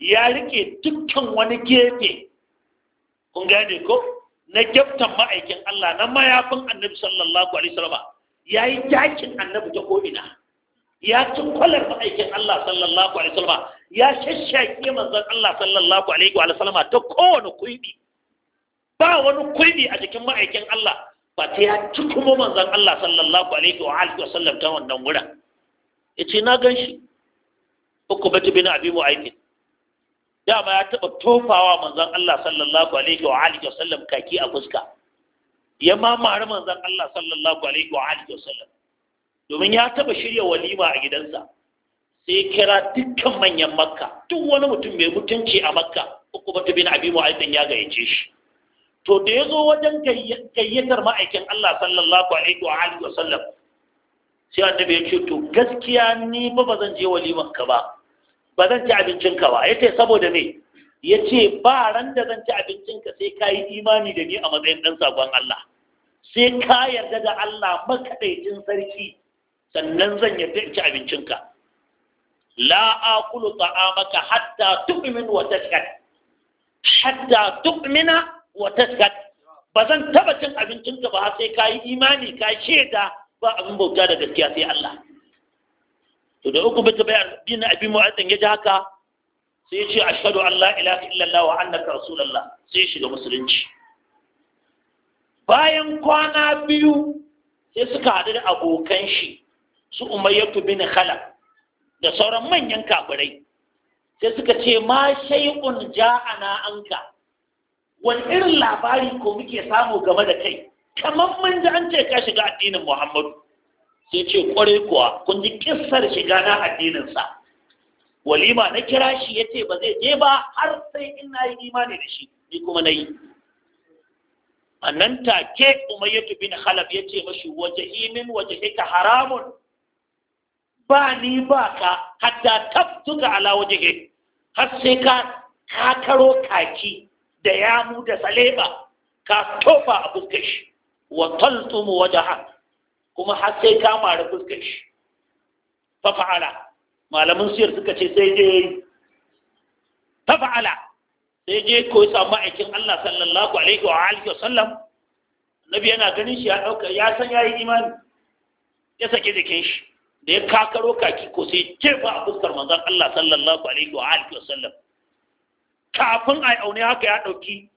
ya rike dukkan wani gefe kun gane ko na geftan ma'aikin Allah na mayafin annabi sallallahu alaihi wasallam ya yi jakin annabi ta ko'ina ya ci kwalar ma'aikin Allah sallallahu alaihi wasallam ya shashshake manzon Allah sallallahu alaihi wasallam ta kowane kuibi ba wani kuibi a jikin ma'aikin Allah ba ta ya tukumo manzon Allah sallallahu alaihi wasallam ta wannan wurin ya ce na gan shi uku bata bin abi mu'aifin dama ya taɓa tofawa manzan Allah sallallahu alaihi wa alihi wasallam kaki a fuska ya ma mara manzan Allah sallallahu alaihi wa alihi wasallam domin ya taɓa shirya walima a gidansa sai kira dukkan manyan makka duk wani mutum mai mutunci a makka uku bata bin abi mu'aifin ya gayyace shi to da ya zo wajen gayyatar ma'aikin Allah sallallahu alaihi wa alihi wasallam sai annabi ya ce to gaskiya ni ba ba zan je waliman ka ba ba zan ci abincin ka ba yace saboda me yace ba ran da zan ci abincin ka sai kai imani da ni a matsayin dan sakon Allah sai ka yarda da Allah makaɗaicin sarki sannan zan yarda in ci abincin ka la akulu ta'amaka hatta tu'min wa tashkat hatta tu'mina wa tashkat ba zan taba cin abincinka ba sai ka imani ka shaida ba abin bauta da gaskiya sai Allah to da uku bata bayar bin abin mu'azzin ya ji haka sai ya ce ashhadu an la ilaha illallah wa annaka rasulullah sai ya shiga musulunci bayan kwana biyu sai suka haɗu da abokan shi su umayyatu bin khalaf da sauran manyan kafirai sai suka ce ma shay'un ja'ana anka wani irin labari ko muke samu game da kai kamar mun ji an ce ka shiga addinin Muhammadu sai ce kwarai kuwa kun ji kissar shiga na addininsa walima na kira shi ya ce ba zai je ba har sai in na yi imani da shi ni kuma na yi a nan take umayyatu bin halab ya ce mashi waje imin waje ka haramun ba ni ba ka hatta taftuka ala waje ke, har sai ka kakaro kaki da yamu da saleba ka tofa a kashi. wa taltumu wajaha kuma har sai ka mara fuskar shi fa'ala malamin siyar suka ce sai je fa fa'ala sai je koyi samu ma'aikin Allah sallallahu alaihi wa alihi wa sallam nabi yana ganin shi ya dauka ya san ya yi imani ya sake jikin shi da ya kakaro kaki ko sai jefa a fuskar manzon Allah sallallahu alaihi wa alihi wa sallam kafin a aune haka ya ɗauki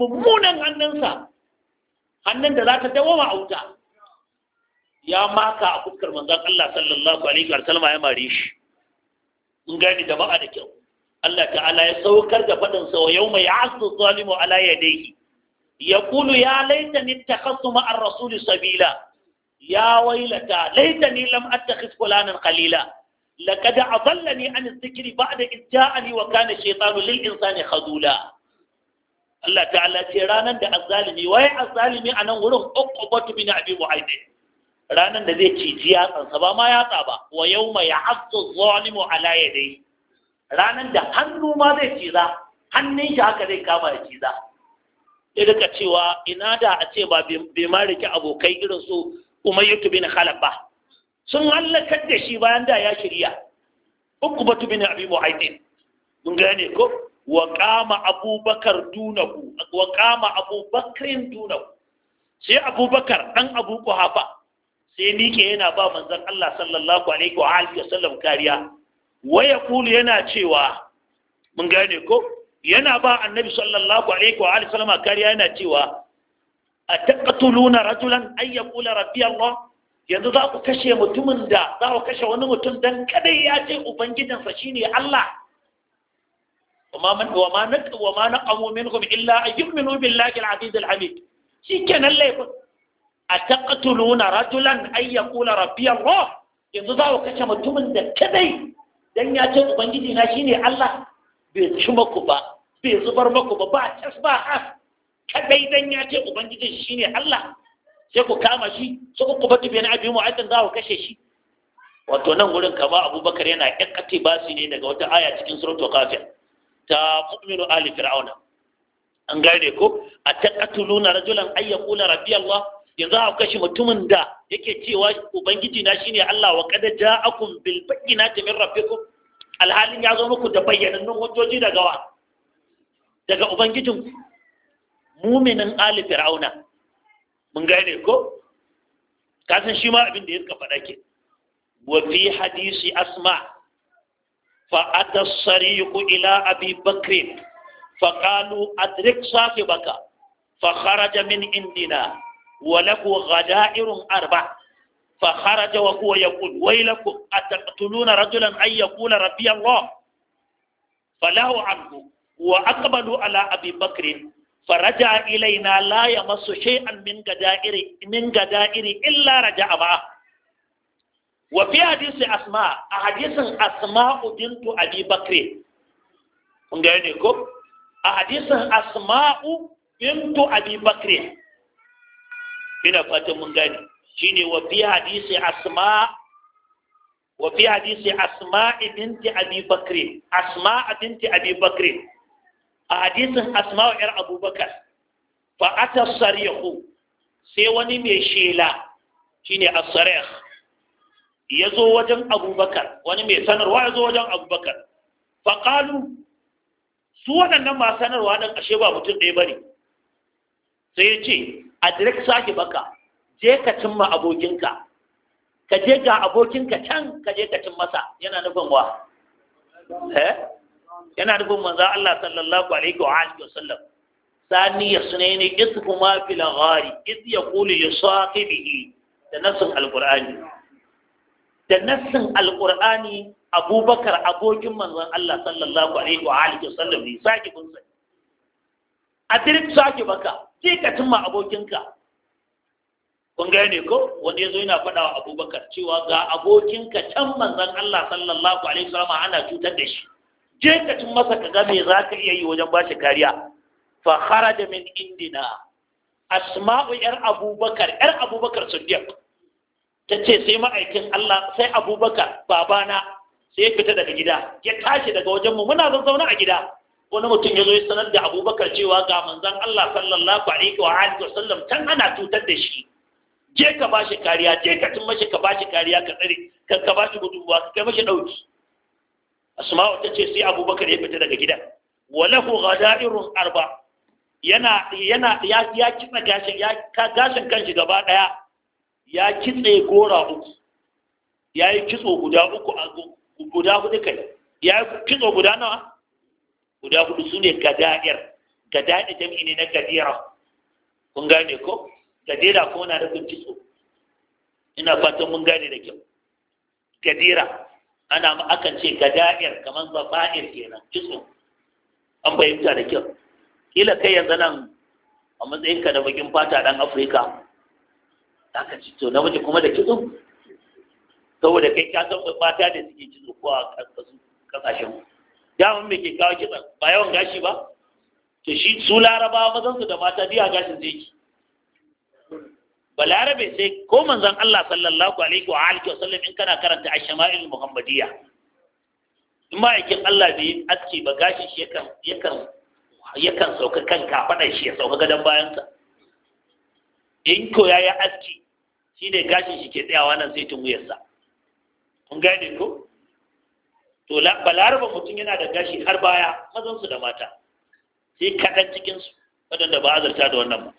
mummunan hannunsa hannun da za ta dawoma a wuta ya maka a fuskar manzon Allah sallallahu alaihi wa sallam ya mare shi mun gane da ba'a da kyau Allah ta'ala ya saukar da fadin sa yawma ya'asu zalimu ala yadayhi yaqulu ya laitani ittakhadtu ma'a ar-rasuli sabila ya wailata laitani lam attakhidh fulanan qalila لقد أضلني عن الذكر بعد wa جاءني وكان الشيطان للإنسان خذولا Allah ta'ala ce ranar da azzalimi waye azzalimi a nan wurin uqbatu bin abi mu'ayd ranar da zai ciji yatsansa ba ma yatsa ba wa yawma ya'assu zalimu ala yadayhi ranar da hannu ma zai ciza hannun shi haka zai kama da ciza sai cewa ina da a ce ba bai ma rike abokai irin su umayyatu bin khalaf ba sun hallakar da shi bayan da ya shirya uqbatu bin abi mu'ayd mun gane ko wa kama abubakar dunahu wa kama abubakarin dunahu sai abubakar ɗan abu kuhafa sai nike yana ba manzon Allah sallallahu alaihi wa alihi Sallam kariya wa Kulu yana cewa mun gane ko yana ba annabi sallallahu alaihi wa alihi Sallam kariya yana cewa a ataqtuluna rajulan ay yaqula rabbi Allah yanzu za ku kashe mutumin da za ku kashe wani mutum dan kadai ya ce ubangidansa shine Allah وما نك وما نقموا منهم إلا أن يؤمنوا بالله العزيز الحميد شي كان الله أتقتلون رجلا أن يقول ربي الله yanzu za ku kashe mutumin da kadai dan ya ce ubangiji na shine Allah bai ci maku ba bai zubar maku ba ba tas ba as kadai dan ya ce ubangiji shine Allah sai ku kama shi sai ku kubatu bi na abi za kashe shi wato nan wurin kama Abubakar yana yakkati basi ne daga wata aya cikin suratul kafir ta mu'minu ali fir'auna an gane ko a taqatuluna rajulan ay yaqula rabbi allah yanzu a kashi mutumin da yake cewa ubangiji na shine allah wa qad ja'akum bil bayyinati min rabbikum alhalin ya zo muku da bayyanannun hujjoji daga wa daga ubangijin muminin ali fir'auna mun gane ko kasan shi ma abin da ya faɗa ke wa fi hadisi asma فأتى الصريق إلى أبي بكر فقالوا أدرك صاحبك فخرج من عندنا وله غدائر أربع فخرج وهو يقول ويلكم أتقتلون رجلا أن يقول ربي الله فله عنه وأقبلوا على أبي بكر فرجع إلينا لا يمس شيئا من غدائر من غدائر إلا رجع معه wa fi hadisi asma a hadisin asma'u bintu abi bakre kun gane ne ko a hadisin asma'u bintu abi bakre ina fatan mun gani. shine wa fi hadisi asma wa fi hadisi asma'i binti abi bakre asma'a binti abi bakre a hadisin asma'u yar abubakar fa ata sarihu sai wani mai shela shine as-sarih ya zo wajen abubakar wani mai sanarwa ya zo wajen abubakar faƙalu su waɗannan masu sanarwa ɗan ashe ba mutum ɗaya ba ne sai ya ce a direk sake baka je ka cimma abokinka ka je ga abokinka can ka je ka cin masa yana nufin wa eh? yana nufin manzo Allah sallallahu alaihi wa alihi wasallam sani ya yasnaini kuma fil ghari iz yaqulu li sahibihi da nasu alqur'ani da nassin alƙur'ani abubakar abokin manzon Allah sallallahu alaihi wa alihi wasallam ne saki kun sai a dirk saki baka sai ka cimma abokinka kun ga ne ko wanda yazo yana faɗa wa abubakar cewa ga abokinka can manzon Allah sallallahu alaihi wasallam ana cutar da shi je ka cin masa ka ga me zaka iya yi wajen bashi kariya fa kharaja min indina asma'u yar abubakar yar abubakar siddiq ta ce sai ma'aikin Allah sai abubakar babana sai ya fita daga gida ya tashi daga wajenmu muna zaune a gida wani mutum ya zo ya sanar da abubakar cewa ga manzan Allah sallallahu alaihi wa alihi wasallam tan ana cutar da shi je ka ba shi kariya je ka tun mashi ka ba shi kariya ka tsare ka ka ba shi gudunmuwa ka kai mashi ɗauki asma'u ta ce sai abubakar ya fita daga gida walahu ghada'irun arba yana yana ya ya kitsa gashin ya gashin kanshi gaba ɗaya ya kitse gora uku ya yi kitso guda uku a guda hudu kai ya yi kitso guda nawa guda hudu su ne gada'ir gada'ir jam'i ne na gadira kun gane ko gadira ko na rufin kitso ina fatan mun gane da kyau gadira ana ma akan ce gada'ir kamar zafa'ir kenan kitso an fahimta da kyau kila kai yanzu nan a matsayinka da bakin fata dan afirka aka ci to namiji kuma da kitso saboda kai ka san mata da suke kitso ko a kasashen mun me ke kawo kitso ba yawan gashi ba to shi su Laraba mazan su da mata biya gashin zai ki balarabe sai ko manzon Allah sallallahu alaihi wa alihi wa sallam in kana karanta ash-shama'il muhammadiyya in ma yakin Allah bai aski ba gashi shi yakan yakan yakan sauka kanka kafaɗar shi ya sauka gadon bayansa in ko ya aski shi ne gashin shi ke tsayawa nan sai tun wuyarsa kun gane ko to balaraba mutum yana da gashi har baya mazansu da mata sai kaɗan cikinsu waɗanda ba azarta da wannan ba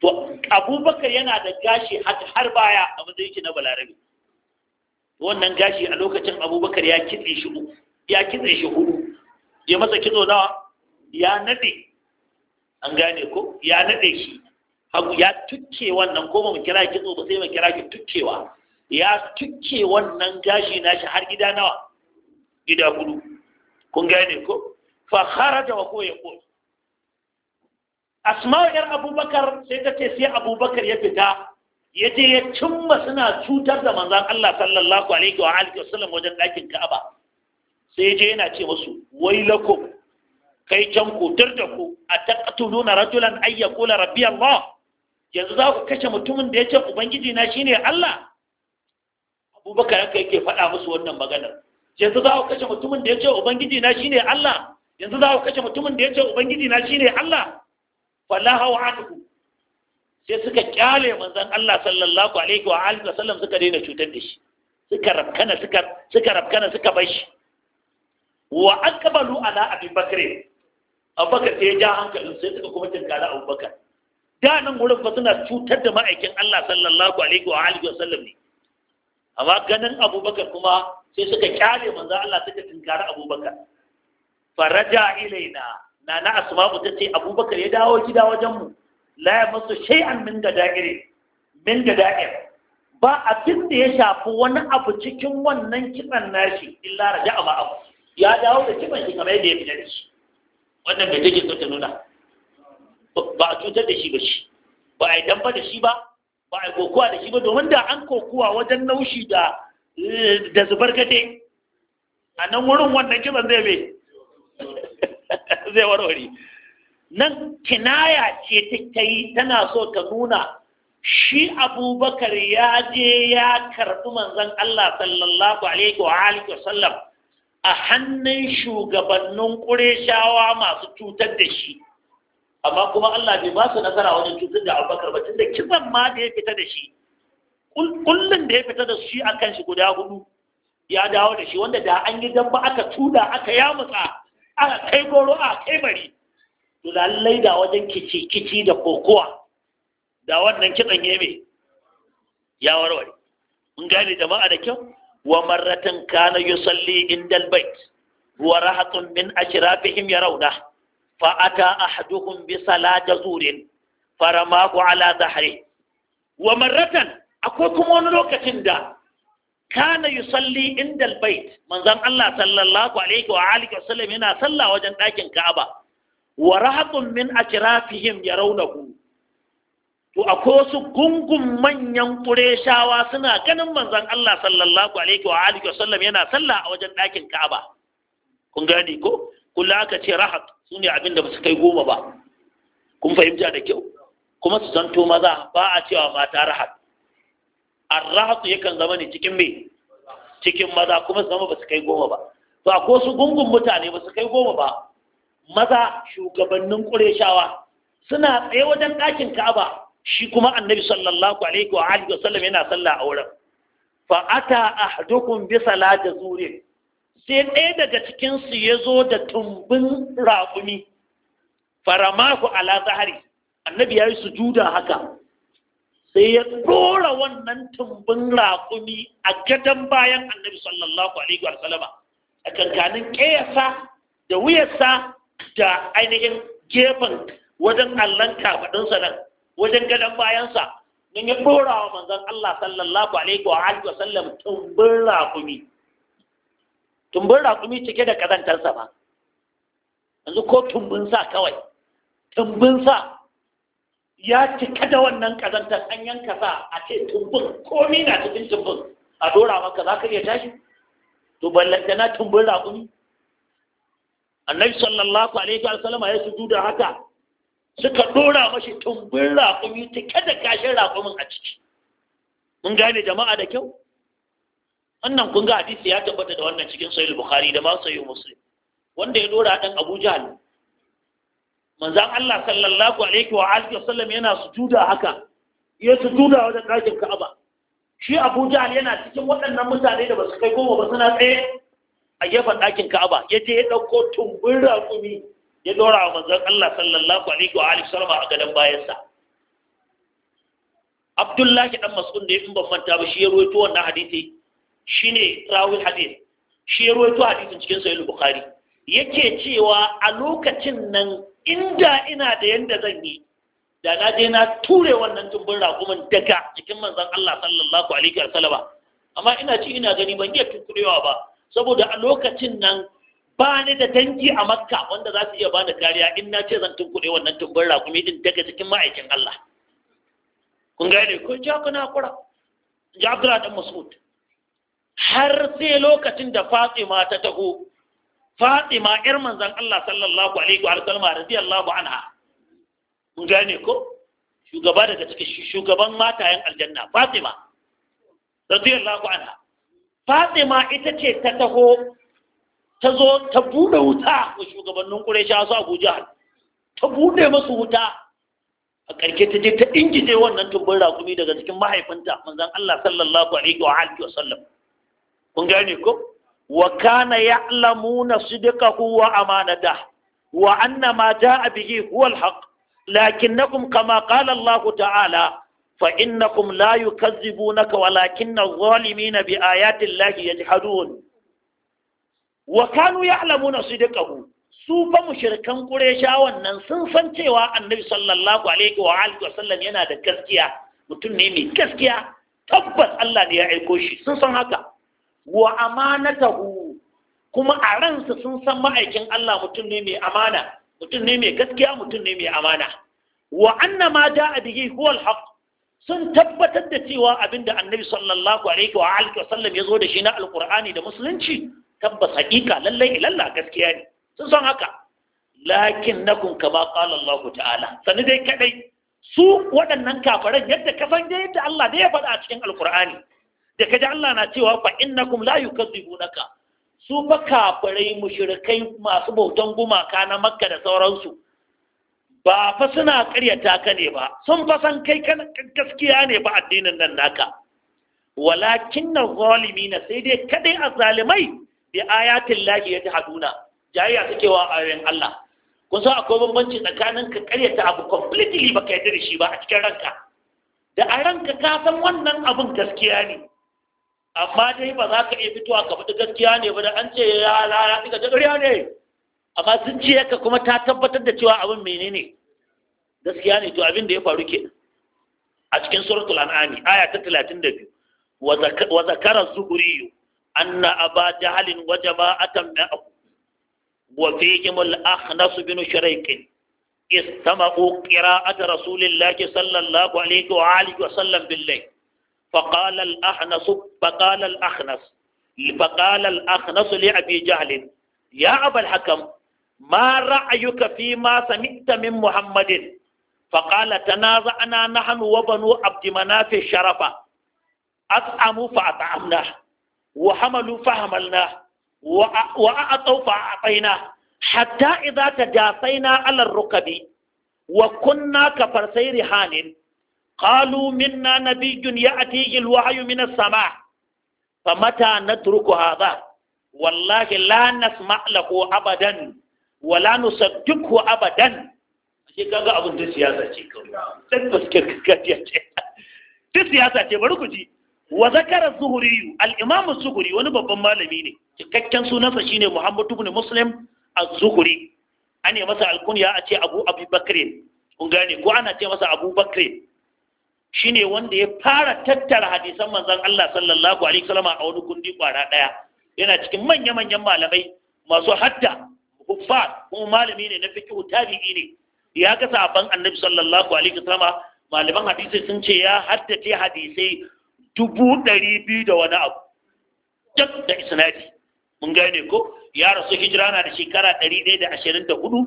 to abubakar yana da gashi har baya a matsayin yake na balarabe wannan gashi a lokacin abubakar ya kitse shi ya kitse shi hudu ya masa kitso nawa ya nade an gane ko ya nade shi hagu ya tukke wannan ko mu kira kitso ba sai mu kira ki tukkewa ya tukke wannan gashi na shi har gida nawa gida hudu kun gane ko fa kharaja wa ko yaqul asma'u yar abubakar sai ta ce sai abubakar ya fita ya je ya cimma suna cutar da manzan Allah sallallahu alaihi wa alihi wasallam wajen ɗakin Ka'aba sai je yana ce musu wailakum kai can ku tur da ku a taqtuluna rajulan ayyakula yaqula rabbi yanzu za ku kashe mutumin da ya ce ubangiji na shine Allah abubakar haka yake faɗa musu wannan maganar yanzu za ku kashe mutumin da ya ce ubangiji na shine Allah yanzu za ku kashe mutumin da ya ce ubangiji na shine Allah fallaha wa anhu sai suka kyale manzon Allah sallallahu alaihi wa alihi wa sallam suka daina cutar da shi suka rabkana suka suka rabkana suka bar shi wa akbalu ala abubakar abubakar sai ya ja hankalin sai suka kuma tinkala abubakar da nan wurin ba suna cutar da ma'aikin Allah sallallahu alaihi wa alihi wasallam ne amma ganin abubakar kuma sai suka kyale manzo Allah suka tinkari abubakar faraja ilaina na na asma'u tace abubakar ya dawo gida wajen mu la ya masu shay'an min min gada'ir ba abin da ya shafi wani abu cikin wannan kiban nashi illa raja'a ma'a ya dawo da kitsan shi kamar yadda ya fita da shi wannan bai take so ta nuna ba a cutar da shi ba shi ba a yi damba da shi ba ba a yi kokuwa da shi ba domin da an kokuwa wajen naushi da eh, da zubar gade a nan wurin wannan kiban zai bai. zai warware nan kinaya ce ta yi tana so ta nuna shi abubakar ya je ya karɓi manzon Allah sallallahu alaihi wa alihi wasallam a hannun shugabannin shawa masu cutar da shi amma kuma Allah bai ba su nasara wajen cutar da abubakar ba tunda kisan ma da ya fita da shi kullum da ya fita da shi a kan shi guda hudu ya dawo da shi wanda da an yi damba aka tuda aka mutsa aka kai goro a kai bari to lallai da wajen kici kici da kokowa da wannan kitsan ya mai ya warware mun gane jama'a da kyau wa marratan kana yusalli indal bait wa rahatun min ashrafihim yarawna فأتى أحدهم بصلاة زور فرماه على ظهره ومرة أكوكم ونلوكة دا كان يصلي عند البيت من زم الله صلى الله عليه وآله وسلم هنا صلى وجن لكن كعبة ورهط من أشرافهم يرونه to akwai wasu gungun manyan ƙureshawa suna ganin manzon Allah sallallahu alaihi wa alihi wa sallam yana sallah a wajen ɗakin Ka'aba kun gani ko kula ka ce rahat su ne abin da ba su kai goma ba kun fahimta da kyau kuma su zanto maza ba a cewa mata rahat arrahatu yakan zama ne cikin me cikin maza kuma su zama ba su kai goma ba to a su gungun mutane ba su kai goma ba maza shugabannin ƙureshawa suna tsaye wajen ɗakin ka'aba shi kuma annabi sallallahu alaihi wa alihi yana sallah a wurin fa ata ahdukum bi salati sai ɗaya daga cikinsu ya zo da tumbin raƙumi faramahu ala zahari annabi ya yi sujuda haka sai ya ɗora wannan tumbin raƙumi a gadon bayan annabi sallallahu alaihi wa sallama a kankanin ƙeyasa da wuyarsa da ainihin gefen wajen allon kafaɗinsa nan wajen gadon bayansa don ya ɗora wa manzan Allah sallallahu alaihi wa sallam tumbin raƙumi tumbin raƙumi cike da ƙazantarsa ba yanzu ko tumbin sa kawai tumbin sa ya cika da wannan ƙazantar an yanka sa a ce tumbin komi na cikin tumbin a dora maka za ka iya tashi to ballanta na tumbin raƙumi annabi sallallahu alaihi wa sallama ya su duda haka suka dora mashi tumbin raƙumi cike da kashin raƙumin a ciki mun gane jama'a da kyau wannan kun ga hadisi ya tabbata da wannan cikin sahih bukhari da ma sahih muslim wanda ya dora dan abu jahl manzon Allah sallallahu alaihi wa alihi wasallam yana sujuda haka ya sujuda wajen ɗakin Ka'aba shi Abu Jahl yana cikin waɗannan mutane da basu kai goma ba suna tsaye a gefen ɗakin Ka'aba ya je ya ɗauko tumbin rakumi ya dora wa manzon Allah sallallahu alaihi wa alihi wasallam a gadon bayansa Abdullahi dan Mas'ud da ya in ban manta ba shi ya ruwaito wannan hadisi shine rawul hadith shi ya ruwaito hadisin cikin sahih bukhari yake cewa a lokacin nan inda ina da yanda zan yi da na je na ture wannan dubbin raƙumin daga cikin manzon Allah sallallahu alaihi wa amma ina ci ina gani ban iya tunkurewa ba saboda a lokacin nan ba ni da dangi a makka wanda za su iya bani kariya in na ce zan tunkuɗe wannan tumbin raƙumi din daga cikin ma'aikin Allah kun gane ko ja kura jabra da Mas'ud har sai lokacin da Fatima ta taho Fatima ƴar manzon Allah sallallahu alaihi wa sallam radiyallahu anha mun gane ko shugaba daga cikin shugaban matayen aljanna Fatima radiyallahu anha Fatima ita ce ta taho ta zo ta bude wuta wa shugabannin Quraysh su Abu Jahl ta bude musu wuta a ƙarshe ta je ta ingije wannan tumbin raƙumi daga cikin mahaifinta manzon Allah sallallahu alaihi wa sallam kun gane ko wa kana ya'lamuna sidqahu wa amanata wa anna ma jaa bihi huwa al lakinnakum kama qala Allah ta'ala fa innakum la yukazzibunaka walakinna adh-dhalimina bi ayati Allah yajhadun wa kanu ya'lamuna sidqahu su fa mushrikan Qurayshawan nan sun san cewa Annabi sallallahu alaihi wa alihi wa sallam yana da gaskiya mutum ne mai gaskiya tabbas Allah ne ya aiko shi sun san haka wa amanatahu kuma a ransa sun san ma'aikin Allah mutum ne mai amana mutum ne mai gaskiya mutum ne mai amana wa ma bihi huwa sun tabbatar da cewa abinda annabi sallallahu alaihi wa alihi wasallam ya zo da shi na alqur'ani da musulunci tabbas haƙiƙa lallai ilalla gaskiya ne sun san haka lakin nakun kama qala Allah ta'ala sani dai kadai su waɗannan kafaran yadda ka san yadda Allah da ya faɗa a cikin alqur'ani da kaji Allah na cewa fa innakum la yukadzibunaka su fa kafirai mushrikai masu bautan gumaka na Makka da sauransu ba fa suna ƙaryata ka ne ba sun fa san kai gaskiya ne ba addinin nan naka walakin na zalimina sai dai kadai zalimai bi ayatin lahi ya tahaduna jayya suke wa ayoyin Allah kun san akwai bambanci tsakanin ka ƙaryata abu completely baka yarda da shi ba a cikin ranka da a ranka ka san wannan abun gaskiya ne amma dai ba za ka iya fitowa ka faɗi gaskiya ne ba da an ce ya lara suka ta ne amma sun ce ka kuma ta tabbatar da cewa abin menene gaskiya ne to abin da ya faru ke a cikin suratul an'ami aya ta 32 wa zakara zuhuri anna aba jahalin wa jama'atan ma'ahu wa fihim al-akhnas bin shuraikin istama'u qira'at rasulillahi sallallahu alaihi wa alihi wa sallam bil فقال الأحنص فقال الأحنص فقال الأخنص لأبي جهل يا أبا الحكم ما رأيك فيما سمعت من محمد فقال تنازعنا نحن وبنو عبد مناف الشرفة أطعموا فأطعمناه وحملوا فحملناه وأعطوا فأعطيناه حتى إذا تجاسينا على الركب وكنا كفرسير هان قالوا منا نبي يأتيه الوحي من السماء فمتى نترك هذا والله لا نسمع له أبدا ولا نصدقه أبدا shi kaga abin ta siyasa ce kawai ba suke gaskiya ce ta siyasa ce bari ku ji wa zakara zuhuri al imamu zuhuri wani babban malami ne cikakken sunansa shine Muhammadu ibn muslim az-zuhuri an yi masa alkunya a ce abu abubakar kun gane ko ana ce masa abubakar shine wanda ya fara tattara hadisan manzon Allah sallallahu alaihi wasallam a wani kundi kwara daya yana cikin manya-manyan malamai masu hadda huffar kuma malami ne na fiqh tabi'i ne ya ga sahabban annabi sallallahu alaihi wasallam malaman hadisi sun ce ya haddace hadisai dubu ɗari biyu da wani abu duk da isnadi mun gane ko ya rasu hijira na da shekara ɗari ɗaya da ashirin da hudu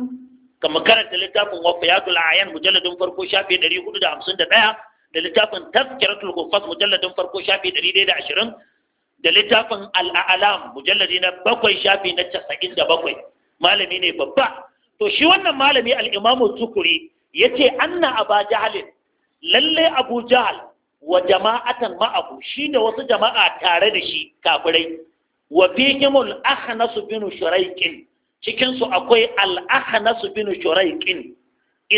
kama karanta littafin wafayatul ayan mujalladin farko shafe ɗari hudu da hamsin da ɗaya da littafin tazkiratul kuffas mujalladin farko shafi 120 da littafin al'alam mujalladi na bakwai shafi na 97 malami ne babba to shi wannan malami al'imamu tukuri ya ce anna aba jahalin lalle abu jahal wa jama'atan ma'abu shi da wasu jama'a tare da shi kafirai wa fihimul ahnasu bin shuraiqin cikinsu akwai al ahnasu bin shuraiqin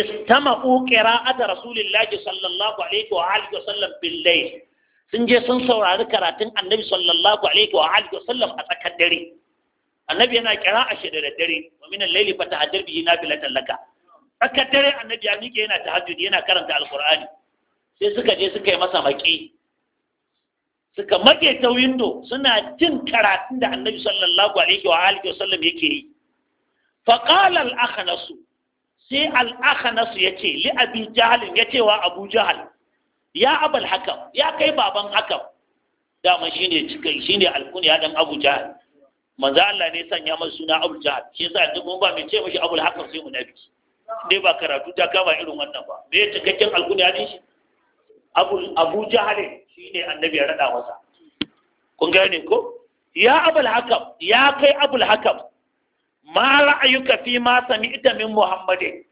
istama'u qira'ata rasulillahi sallallahu alaihi wa alihi wasallam bil layl sun je sun saurari karatun annabi sallallahu alaihi wa alihi wasallam a tsakar dare annabi yana qira'a shi da daddare wa min al-layli fatahajjar bihi nafilatan laka tsakar dare annabi ya miƙe yana tahajjud yana karanta alqur'ani sai suka je suka yi masa maki suka make ta window suna jin karatun da annabi sallallahu alaihi wa alihi wasallam yake yi faqala al-akhnasu sai nasu ya ce li abi jahalin ya ce wa abu jahal ya abal hakam ya kai baban hakam dama shine cikai shine alkuniya dan abu jahal manzo Allah ne sanya masa suna abu jahal shi yasa duk mun ba mai ce mishi abul hakam sai mu nabi dai ba karatu ta kama irin wannan ba me cikakken alkuniya din shi abu abu jahal shine annabi ya rada masa kun gane ko ya abul hakam ya kai abul hakam ma ra'ayuka fi ma sami'ta min muhammadin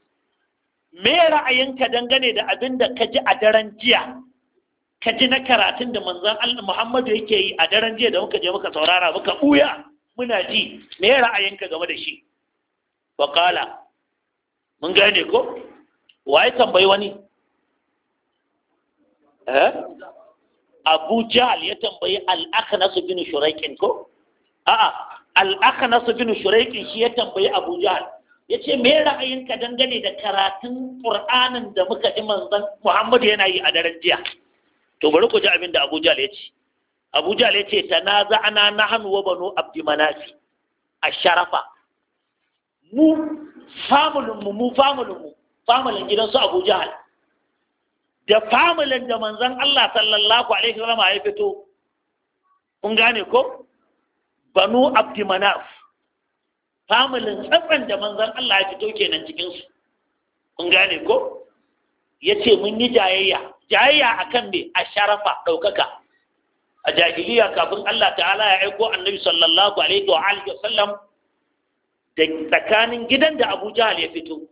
me ra'ayinka dangane da abin da ka ji a daren jiya ka ji na karatun da manzon Allah Muhammadu yake yi a daren jiya da muka je muka saurara muka buya muna ji me ra'ayinka game da shi wa qala mun gane ko waye tambayi wani eh Abu Jahl ya tambayi Al-Akhnas bin Shuraikin ko a'a Al'aka akhnas bin shuraik shi ya tambayi abu ya ce me ra'ayinka dangane da karatun ƙur'anin da muka ji manzan Muhammadu yana yi a daren jiya to bari ku ji abin da abu ya ce abu ta na za'ana na hannuwa banu abdi manafi a sharafa mu famulin mu mu famulin mu famulin gidansu abu jihar da famulin da manzan Allah sallallahu alaihi wasallam ya fito kun gane ko banu abdimanaf familin tsatsan da manzan Allah ya fito kenan cikinsu kun gane ko ya ce mun yi jayayya jayayya akan me a sharafa ɗaukaka a jahiliya kafin Allah ta'ala ya aiko annabi sallallahu alaihi wa alihi wa sallam da tsakanin gidan da Abu Jahal ya fito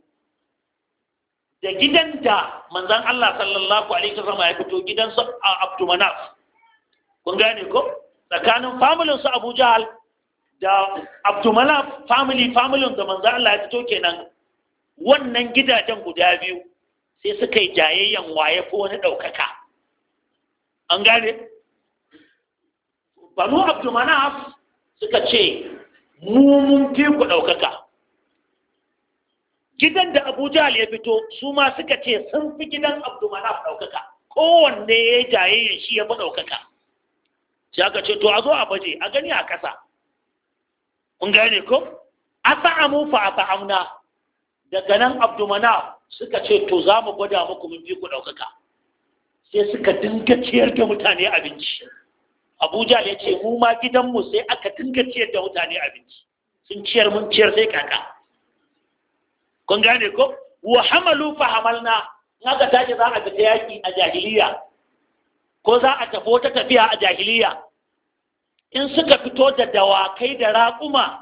da gidan da manzon Allah sallallahu alaihi wa sallam ya fito gidan su Abdul Manaf kun gane ko tsakanin familinsu su Abu Jahal da Abdumalaf family familin da manzo Allah ya fito kenan wannan gidajen guda biyu sai suka yi jayayyen waye ko wani ɗaukaka an gane banu abdumalaf suka ce mu mun fi ku ɗaukaka gidan da Abu Jahal ya fito su ma suka ce sun fi gidan abdumalaf ɗaukaka kowanne ya yi jayayyen shi ya fi ɗaukaka sai aka ce to a zo a baje a gani a ƙasa kun gane ko asa'amu fa fa'afa'amna. daga nan abdumana suka ce to za mu gwada muku mun fi ku ɗaukaka sai suka dinga ciyar da mutane abinci abuja ya ce mu ma gidanmu sai aka dinga ciyar da mutane abinci sun ciyar mun ciyar sai kaka kun gane ko wa hamalu fa hamalna in aka tashi za a fita yaƙi a jahiliya ko za a tafi wata tafiya a jahiliya in suka fito da dawakai da raƙuma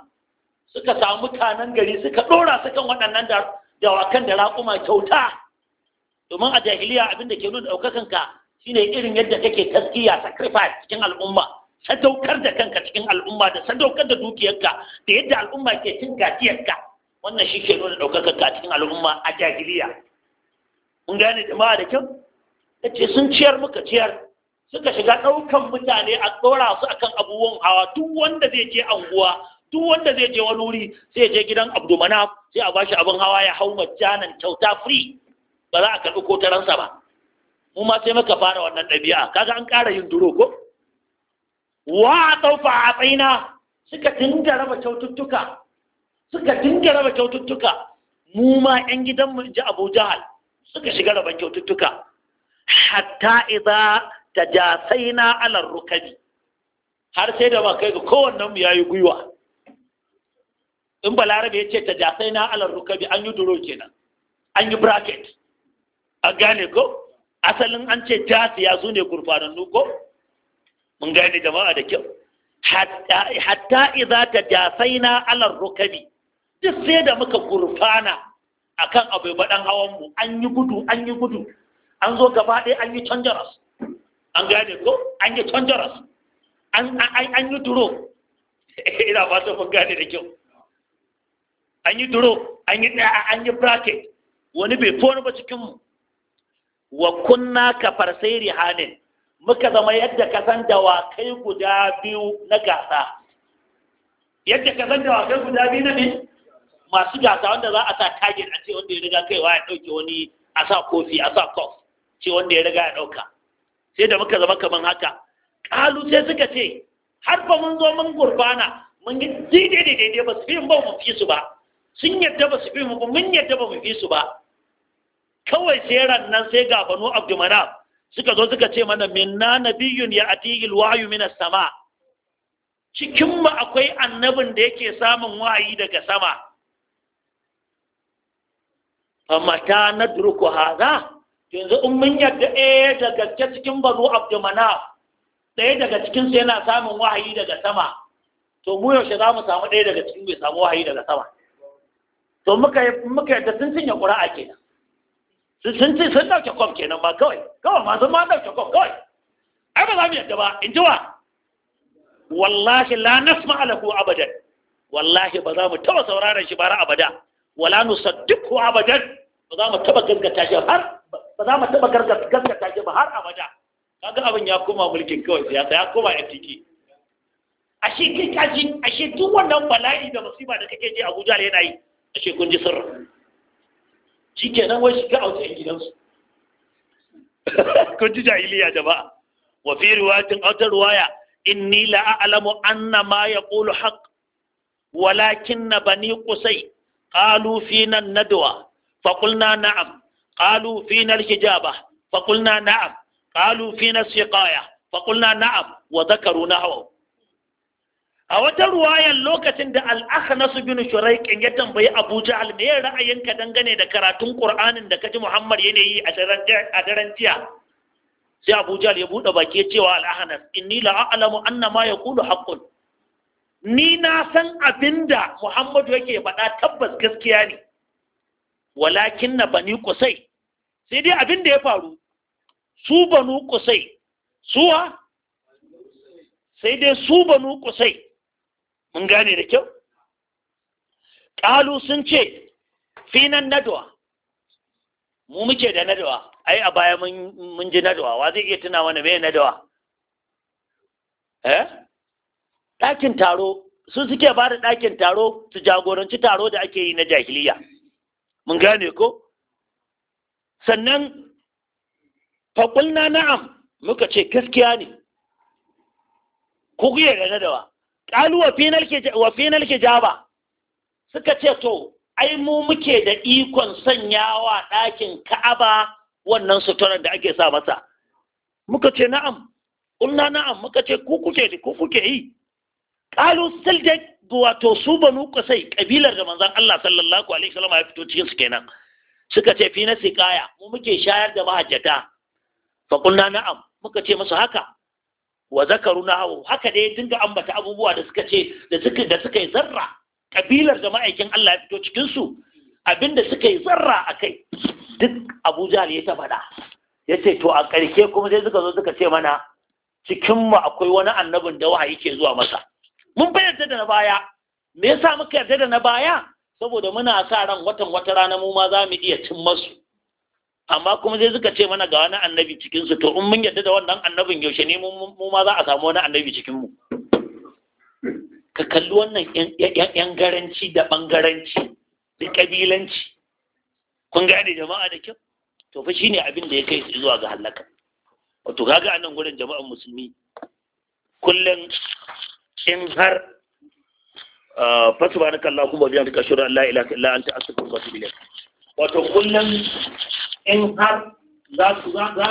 suka samu mutanen gari suka ɗora su kan waɗannan dawakan da raƙuma kyauta domin a jahiliya abin da ke nuna ɗaukakanka shine irin yadda kake taskiya sacrifice cikin al'umma sadaukar da kanka cikin al'umma da sadaukar da dukiyarka da yadda al'umma ke cin gajiyarka wannan shi ke nuna ɗaukakanka cikin al'umma a jahiliya mun gane jama'a da kyau ce sun ciyar muka ciyar suka shiga ɗaukan mutane a tsora su akan abubuwan hawa duk wanda zai je anguwa duk wanda zai je wani wuri sai je gidan abdumana sai a bashi abin hawa ya hau majanan kyauta free ba za a karɓi ko taransa ba mu ma sai muka fara wannan ɗabi'a kaga an ƙara yin duro ko wa ɗaufa a tsaina suka dinga raba kyaututtuka suka dinga raba kyaututtuka mu ma gidanmu in ji abu jahal suka shiga raban kyaututtuka hatta idza ta na alar rukabi har sai da ba ga kowannen mu yayi gwiwa in balarabe ya ce ta na alar rukami an yi duro kenan an yi bracket a gane ko asalin an ce jasi ya zo ne gurfanannu ko mun gane jama'a da kyau hatta idza ta na alar rukabi duk sai da muka gurfana akan abai baɗan hawan mu an yi gudu an yi gudu an zo gaba ɗaya an yi canjaras an gane ko an yi tonjaras an yi duro ina ba ta mun gane da kyau an yi duro an yi ɗaya an yi bracket wani bai foni ba cikinmu wa kunna ka farsai rihanin muka zama yadda ka san da wakai guda biyu na gasa yadda ka san da wakai guda biyu na ne masu gasa wanda za a sa target a ce wanda ya riga kaiwa ya ɗauke wani a sa kofi a sa kof ce wanda ya riga ya ɗauka sai da muka zama kaman haka kalu sai suka ce har fa mun zo mun gurbana mun yi daidai da daidai ba su fi ba mu fi su ba sun yadda ba su fi mu ba mun yadda ba mu fi su ba kawai sai ran nan sai ga banu abdumana suka zo suka ce mana minna nabiyyun ya atihil wayu minas sama cikin mu akwai annabin da yake samun wahayi daga sama famata nadruku hadha yanzu in mun yadda eh, ɗaya daga gaske cikin banu abdumana ɗaya daga cikin su yana samun wahayi daga sama to mu yaushe za mu samu ɗaya daga cikin bai samu wahayi daga sama to muka muka yadda sun cinye ƙura'a kenan sun ce sun ɗauke kwam kenan ba kawai kawai ma sun ma ɗauke kwam kawai ai ba za mu yadda ba in ji wa wallahi la nasma alahu abadan wallahi ba za mu taɓa sauraron shi bara abada wala nusaddiqu abadan ba za mu taba gaskata shi ba har abada kaga abin ya koma mulkin kawai siyasa ya koma FTK ashe kai kaji ashe duk wannan bala'i da musiba da kake ji Abuja yana yi ashe kun ji sirri shikenan wai shiga a wajen gidansu kun ji jahiliya jama'a wa fi riwayatin autar ruwaya inni la a'lamu anna ma yaqulu haqq walakin bani qusay qalu fina nadwa فقلنا نعم قالوا فينا الحجابة فقلنا نعم قالوا فينا السقاية فقلنا نعم وذكروا نحوه a wata ruwayar lokacin da al'akhnasu bin shuraikin ya tambayi abu jahal me ra'ayinka dangane da karatun qur'anin da kaji muhammad yana yi a daren jiya sai abu ya buɗe baki cewa al'akhnas inni la a'lamu anna ma yaqulu haqqun ni na san abinda muhammadu yake faɗa tabbas gaskiya ne walakin na bani kusai sai dai abin da ya faru su banu kusai suwa sai dai su banu kusai mun gane da kyau ƙalu sun ce finan nadwa mu muke da nadawa ai a baya mun ji nadawa wa zai iya tuna wani me nadawa eh ɗakin taro su suke ba da ɗakin taro su jagoranci taro da ake yi na jahiliya mun gane ko sannan faƙulna na'am muka ce gaskiya ne ku ku da na dawa. ƙalu wa final ke jaba suka ce to ai mu muke da ikon sanyawa ɗakin ka'aba wannan suturar da ake sa masa muka ce na'am ƙulna na'am muka ce ku kuke ku kuke yi ƙalu still wato su banu kusai kabilar da manzon Allah sallallahu alaihi wasallam ya fito cikin su kenan suka ce fi sikaya mu muke shayar da mahajjata fa qulna na'am muka ce musu haka wa zakaruna haka dai dinga ambata abubuwa da suka ce da suka da suka yi zarra kabilar da ma'aikin Allah ya fito cikin su abinda suka yi zarra akai duk Abu Jahl ya ta faɗa yace to a ƙarke kuma sai suka zo suka ce mana cikin mu akwai wani annabin da wahayi ke zuwa masa mun fa yarda da na baya me yasa muka yarda da na baya saboda muna sa ran watan wata rana mu ma za mu iya cin masu amma kuma zai suka ce mana ga wani annabi cikin su to in mun yarda da wannan annabin yaushe ne mu ma za a samu wani annabi cikin mu ka kalli wannan yan garanci da bangaranci da kabilanci kun gane jama'a da kyau to fa shine abin da ya kai su zuwa ga halaka wato kaga anan gurin jama'an musulmi kullum in har uh, fasu ba na kalla kuma biyan duka shirin Allah ila kalla an ta kuma su bilai wato kullum in har za su za